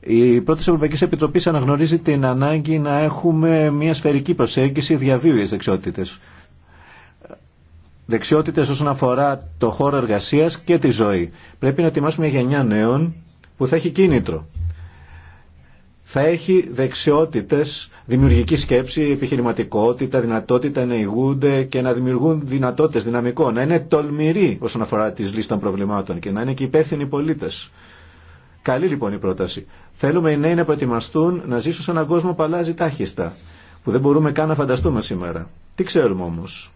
Η πρώτη Ευρωπαϊκή Επιτροπή αναγνωρίζει την ανάγκη να έχουμε μια σφαιρική προσέγγιση διαβίου δεξιότητες. δεξιότητε δεξιότητες όσον αφορά το χώρο εργασίας και τη ζωή. Πρέπει να ετοιμάσουμε μια γενιά νέων που θα έχει κίνητρο. Θα έχει δεξιότητες, δημιουργική σκέψη, επιχειρηματικότητα, δυνατότητα να ηγούνται και να δημιουργούν δυνατότητες, δυναμικό, να είναι τολμηροί όσον αφορά τις λύσεις των προβλημάτων και να είναι και υπεύθυνοι πολίτες. Καλή λοιπόν η πρόταση. Θέλουμε οι νέοι να προετοιμαστούν να ζήσουν σε έναν κόσμο που αλλάζει τάχιστα, που δεν μπορούμε καν να φανταστούμε σήμερα. Τι ξέρουμε όμως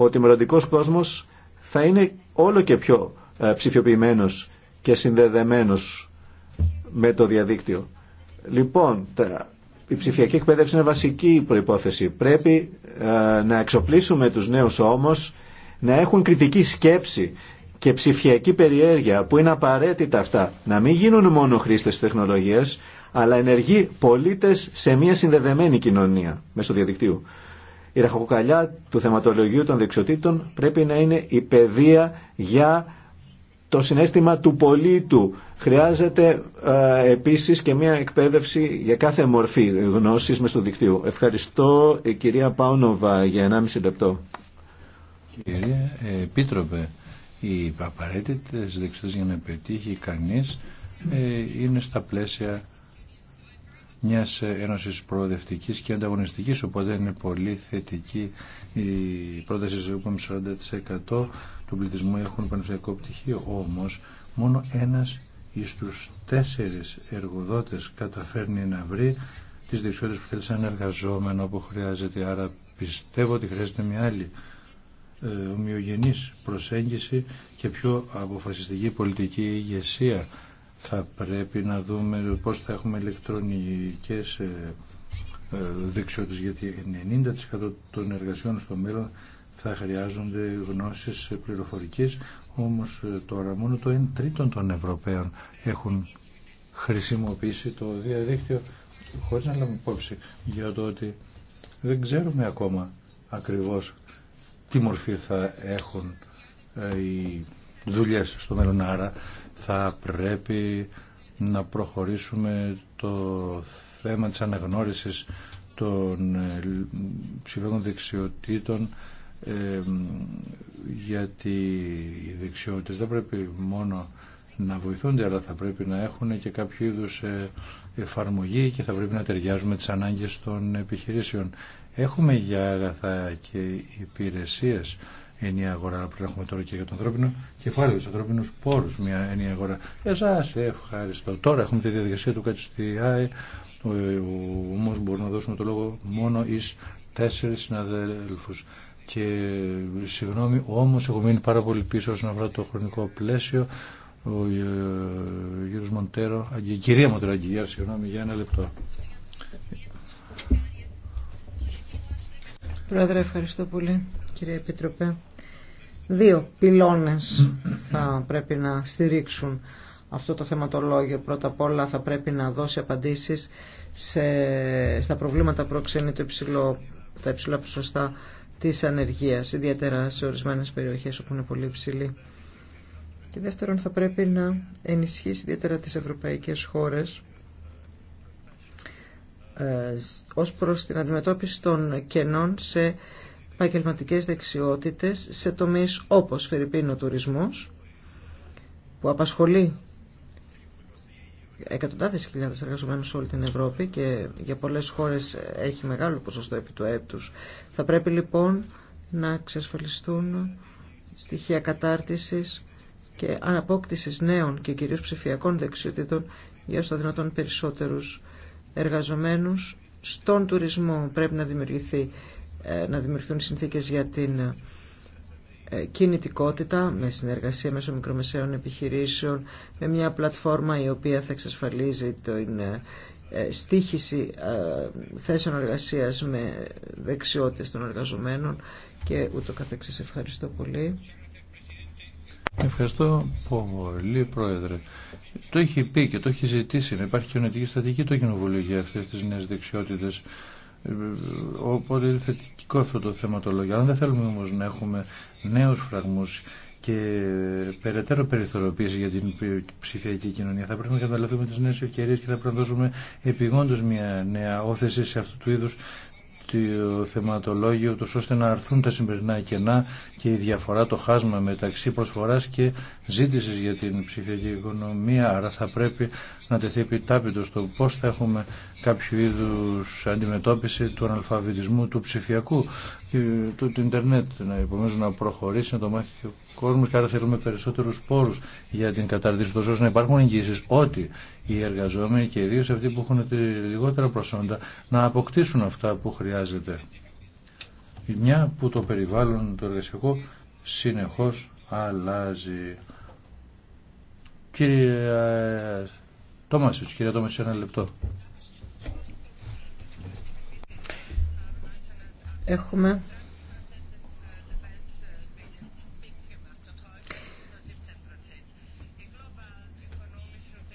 ότι ο μελλοντικός κόσμος θα είναι όλο και πιο ε, ψηφιοποιημένος και συνδεδεμένος με το διαδίκτυο. Λοιπόν, η ψηφιακή εκπαίδευση είναι βασική προϋπόθεση. Πρέπει ε, να εξοπλίσουμε τους νέους όμως να έχουν κριτική σκέψη και ψηφιακή περιέργεια που είναι απαραίτητα αυτά. Να μην γίνουν μόνο χρήστες τεχνολογίας, αλλά ενεργοί πολίτες σε μια συνδεδεμένη κοινωνία μέσω διαδικτύου. Η ραχοκοκαλιά του θεματολογίου των δεξιοτήτων πρέπει να είναι η παιδεία για το συνέστημα του πολίτου. Χρειάζεται ε, επίσης και μια εκπαίδευση για κάθε μορφή γνώσης με στο δικτύο. Ευχαριστώ η κυρία Πάουνοβα για 1,5 λεπτό. Κυρία Επίτροπε, οι απαραίτητε δεξιότητες για να πετύχει κανείς ε, είναι στα πλαίσια μιας ένωσης προοδευτικής και ανταγωνιστικής, οπότε είναι πολύ θετική η πρόταση σε 40% του πληθυσμού έχουν πανεπιστημιακό πτυχίο, όμως μόνο ένας εις τους τέσσερις εργοδότες καταφέρνει να βρει τις δεξιότητε που θέλει σαν εργαζόμενο που χρειάζεται, άρα πιστεύω ότι χρειάζεται μια άλλη ε, ομοιογενής προσέγγιση και πιο αποφασιστική πολιτική ηγεσία θα πρέπει να δούμε πώς θα έχουμε ηλεκτρονικές ε, ε, δεξιότητες γιατί 90% των εργασιών στο μέλλον θα χρειάζονται γνώσεις πληροφορικής όμως ε, τώρα μόνο το 1 τρίτο των Ευρωπαίων έχουν χρησιμοποιήσει το διαδίκτυο χωρίς να λάβουμε υπόψη για το ότι δεν ξέρουμε ακόμα ακριβώς τι μορφή θα έχουν οι δουλειές στο μέλλον άρα θα πρέπει να προχωρήσουμε το θέμα της αναγνώρισης των ε, ψηφιακών δεξιοτήτων ε, γιατί οι δεξιότητες δεν πρέπει μόνο να βοηθούνται αλλά θα πρέπει να έχουν και κάποιο είδους ε, εφαρμογή και θα πρέπει να ταιριάζουμε τις ανάγκες των επιχειρήσεων. Έχουμε για αγαθά και υπηρεσίες ενιαία αγορά που έχουμε τώρα και για το ανθρώπινο κεφάλαιο, του ανθρώπινου πόρου, μια ενιαία αγορά. Εσά ευχαριστώ. Τώρα έχουμε τη διαδικασία του Κατσιστιάη, όμω μπορούμε να δώσουμε το λόγο μόνο ει τέσσερι συναδέλφου. Και συγγνώμη, όμω έχω μείνει πάρα πολύ πίσω όσον αφορά το χρονικό πλαίσιο. Ο, ε, κύριο Μοντέρο, η κυρία Μοντέρο Αγγελιά, συγγνώμη, για ένα λεπτό. Πρόεδρε, ευχαριστώ πολύ, κύριε Επιτροπέ. Δύο πυλώνες θα πρέπει να στηρίξουν αυτό το θεματολόγιο. Πρώτα απ' όλα θα πρέπει να δώσει απαντήσεις σε, στα προβλήματα προξενεί το τα υψηλά ποσοστά της ανεργίας, ιδιαίτερα σε ορισμένες περιοχές όπου είναι πολύ υψηλή. Και δεύτερον θα πρέπει να ενισχύσει ιδιαίτερα τις ευρωπαϊκές χώρες ε, ως προς την αντιμετώπιση των κενών σε επαγγελματικέ δεξιότητες σε τομείς όπως φερειπίνο τουρισμός που απασχολεί εκατοντάδες χιλιάδες εργαζομένους σε όλη την Ευρώπη και για πολλές χώρες έχει μεγάλο ποσοστό επί του έπτους. Θα πρέπει λοιπόν να εξασφαλιστούν στοιχεία κατάρτισης και αναπόκτησης νέων και κυρίως ψηφιακών δεξιοτήτων για όσο δυνατόν περισσότερους εργαζομένους. Στον τουρισμό πρέπει να δημιουργηθεί ε, να δημιουργηθούν συνθήκες για την ε, κινητικότητα με συνεργασία μέσω μικρομεσαίων επιχειρήσεων, με μια πλατφόρμα η οποία θα εξασφαλίζει την ε, στήχηση θέσεων εργασίας με δεξιότητες των εργαζομένων και ούτω καθεξής. Ευχαριστώ πολύ. Ευχαριστώ πολύ, Πρόεδρε. Το έχει πει και το έχει ζητήσει να υπάρχει κοινωνική στρατηγική το Κοινοβούλιο για αυτές τις νέες δεξιότητες. Οπότε είναι θετικό αυτό το θεματολόγιο. Αν δεν θέλουμε όμως να έχουμε νέους φραγμούς και περαιτέρω περιθωριοποίηση για την ψηφιακή κοινωνία. Θα πρέπει να καταλαβαίνουμε τις νέες ευκαιρίες και θα πρέπει να δώσουμε επιγόντως μια νέα όθεση σε αυτού του είδους το θεματολόγιο τους ώστε να αρθούν τα σημερινά κενά και η διαφορά, το χάσμα μεταξύ προσφοράς και ζήτησης για την ψηφιακή οικονομία. Άρα θα πρέπει να τεθεί επιτάπητο στο πώς θα έχουμε κάποιο είδους αντιμετώπιση του αναλφαβητισμού του ψηφιακού του, του ίντερνετ να να προχωρήσει να το μάθει ο κόσμος και άρα θέλουμε περισσότερους πόρους για την καταρτήση του ώστε να υπάρχουν εγγύσει ότι οι εργαζόμενοι και ιδίω αυτοί που έχουν λιγότερα προσόντα να αποκτήσουν αυτά που χρειάζεται μια που το περιβάλλον το εργασιακό συνεχώς αλλάζει Κύριε ε, Τόμασης, κύριε Τόμασης, ένα λεπτό. έχουμε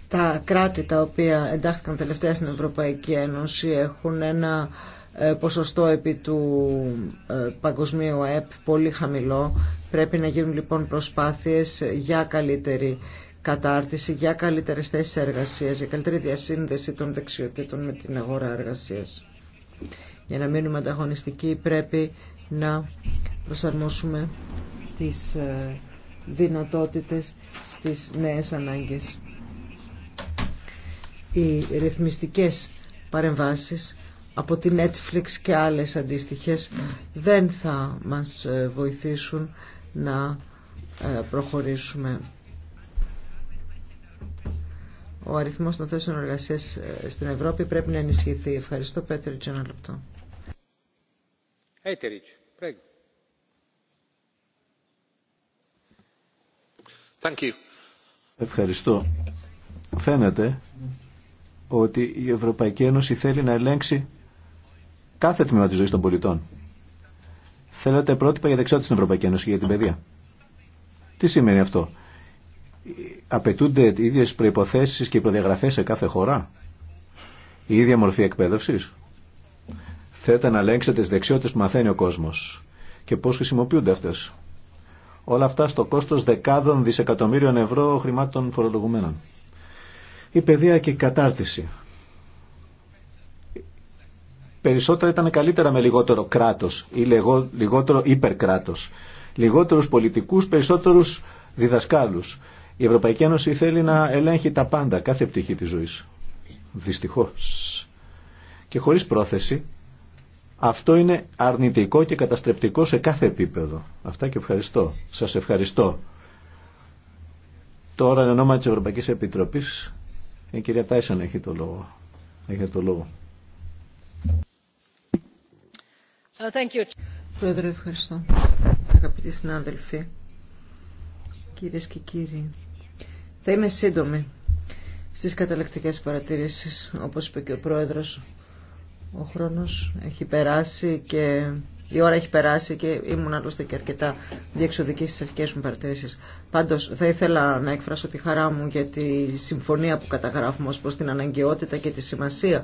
τα κράτη τα οποία εντάχθηκαν τελευταία στην Ευρωπαϊκή Ένωση έχουν ένα ε, ποσοστό επί του ε, παγκοσμίου ΕΠ πολύ χαμηλό. Πρέπει να γίνουν λοιπόν προσπάθειες για καλύτερη κατάρτιση, για καλύτερες θέσεις εργασίας, για καλύτερη διασύνδεση των δεξιοτήτων με την αγορά εργασίας. Για να μείνουμε ανταγωνιστικοί πρέπει να προσαρμόσουμε τις ε, δυνατότητες στις νέες ανάγκες. Οι ρυθμιστικές παρεμβάσεις από τη Netflix και άλλες αντίστοιχες δεν θα μας ε, βοηθήσουν να ε, προχωρήσουμε ο αριθμός των θέσεων εργασίας ε, στην Ευρώπη πρέπει να ενισχυθεί. Ευχαριστώ για ένα λεπτό. Thank Ευχαριστώ. Φαίνεται ότι η Ευρωπαϊκή Ένωση θέλει να ελέγξει κάθε τμήμα της ζωής των πολιτών. Θέλετε πρότυπα για δεξιότητα στην Ευρωπαϊκή Ένωση για την παιδεία. Τι σημαίνει αυτό απαιτούνται οι ίδιες προϋποθέσεις και προδιαγραφές σε κάθε χώρα. Η ίδια μορφή εκπαίδευσης. θέτα να ελέγξετε τις δεξιότητες που μαθαίνει ο κόσμος και πώς χρησιμοποιούνται αυτές. Όλα αυτά στο κόστος δεκάδων δισεκατομμύριων ευρώ χρημάτων φορολογουμένων. Η παιδεία και η κατάρτιση. Περισσότερα ήταν καλύτερα με λιγότερο κράτος ή λιγότερο υπερκράτος. Λιγότερους πολιτικούς, περισσότερους διδασκάλους. Η Ευρωπαϊκή Ένωση θέλει να ελέγχει τα πάντα, κάθε πτυχή της ζωής. Δυστυχώς. Και χωρίς πρόθεση, αυτό είναι αρνητικό και καταστρεπτικό σε κάθε επίπεδο. Αυτά και ευχαριστώ. Σας ευχαριστώ. Τώρα εν ονόμα της Ευρωπαϊκής Επιτροπής, η κυρία Τάισον έχει το λόγο. Έχει το λόγο. Uh, thank you. Πρόεδρε, ευχαριστώ. Αγαπητοί συνάδελφοι, Κυρίες και κύριοι, θα είμαι σύντομη στις καταλεκτικές παρατηρήσεις. Όπως είπε και ο Πρόεδρος, ο χρόνος έχει περάσει και η ώρα έχει περάσει και ήμουν άλλωστε και αρκετά διεξοδική στι αρχικέ μου παρατηρήσει. Πάντω, θα ήθελα να εκφράσω τη χαρά μου για τη συμφωνία που καταγράφουμε ω προ την αναγκαιότητα και τη σημασία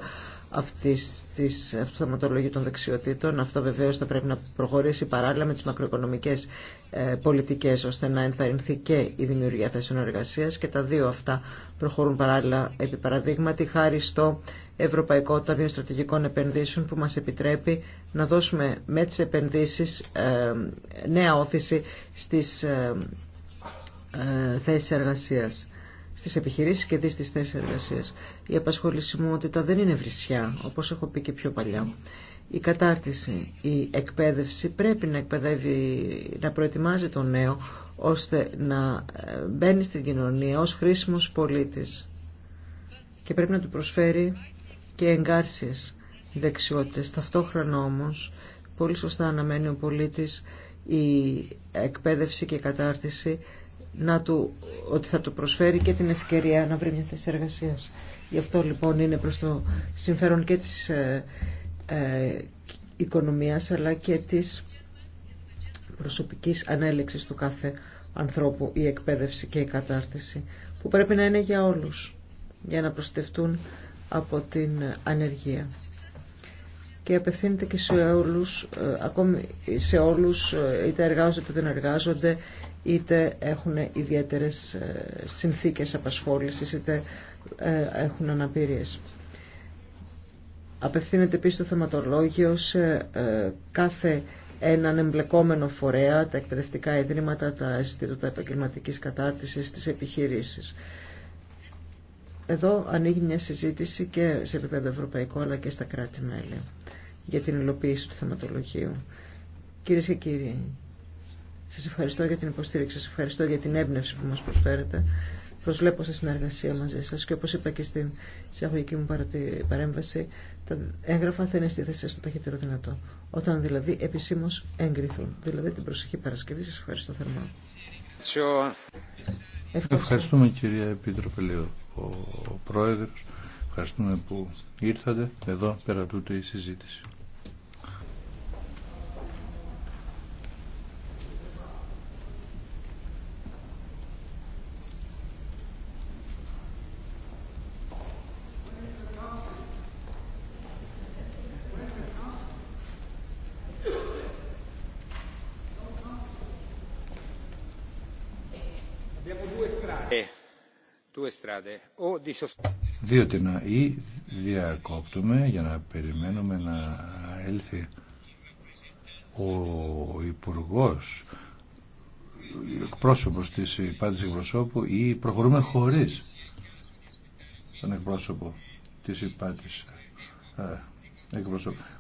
αυτής της, αυτού των δεξιοτήτων. Αυτό βεβαίως θα πρέπει να προχωρήσει παράλληλα με τις μακροοικονομικές ε, πολιτικές ώστε να ενθαρρυνθεί και η δημιουργία θέσεων εργασίας και τα δύο αυτά προχωρούν παράλληλα επί παραδείγματι χάρη στο Ευρωπαϊκό Ταμείο Στρατηγικών Επενδύσεων που μας επιτρέπει να δώσουμε με τις επενδύσεις ε, νέα όθηση στις ε, θέσεις εργασίας στις επιχειρήσεις και δει στις θέσεις εργασίας. Η απασχολησιμότητα δεν είναι βρισιά, όπως έχω πει και πιο παλιά. Η κατάρτιση, η εκπαίδευση πρέπει να εκπαιδεύει, να προετοιμάζει τον νέο ώστε να ε, μπαίνει στην κοινωνία ως χρήσιμος πολίτης και πρέπει να του προσφέρει και εγκάρσεις δεξιότητες. Ταυτόχρονα όμως, πολύ σωστά αναμένει ο πολίτης η εκπαίδευση και η κατάρτιση να του, ότι θα του προσφέρει και την ευκαιρία να βρει μια θέση εργασία. Γι' αυτό λοιπόν είναι προς το συμφέρον και της ε, ε οικονομίας αλλά και της προσωπικής ανέλεξης του κάθε ανθρώπου η εκπαίδευση και η κατάρτιση που πρέπει να είναι για όλους για να προστευτούν από την ανεργία και απευθύνεται και σε όλους, ε, ακόμη σε όλους ε, είτε εργάζονται είτε δεν εργάζονται είτε έχουν ιδιαίτερες ε, συνθήκες απασχόλησης είτε έχουν αναπηρίες. Απευθύνεται επίσης το θεματολόγιο σε κάθε έναν εμπλεκόμενο φορέα, τα εκπαιδευτικά ιδρύματα, τα αισθητούτα επαγγελματικής κατάρτισης, τις επιχειρήσεις. Εδώ ανοίγει μια συζήτηση και σε επίπεδο ευρωπαϊκό αλλά και στα κράτη-μέλη για την υλοποίηση του θεματολογίου. Κυρίε και κύριοι, σα ευχαριστώ για την υποστήριξη, σα ευχαριστώ για την έμπνευση που μα προσφέρετε. Προσβλέπω σε συνεργασία μαζί σα και όπω είπα και στην εισαγωγική μου παρέμβαση, τα έγγραφα θα είναι στη θέση σα το ταχύτερο δυνατό. Όταν δηλαδή επισήμως εγκριθούν, δηλαδή την προσοχή Παρασκευή, σα ευχαριστώ θερμά. Ευχαριστούμε κυρία Επίτροπε Λεώ ο Πρόεδρος. Ευχαριστούμε που ήρθατε. Εδώ πέρα τούτη η συζήτηση. Διότι να ή διακόπτουμε για να περιμένουμε να έλθει ο Υπουργός εκπρόσωπος της υπάτησης εκπροσώπου ή προχωρούμε χωρίς τον εκπρόσωπο της υπάτησης ε, εκπροσώπου.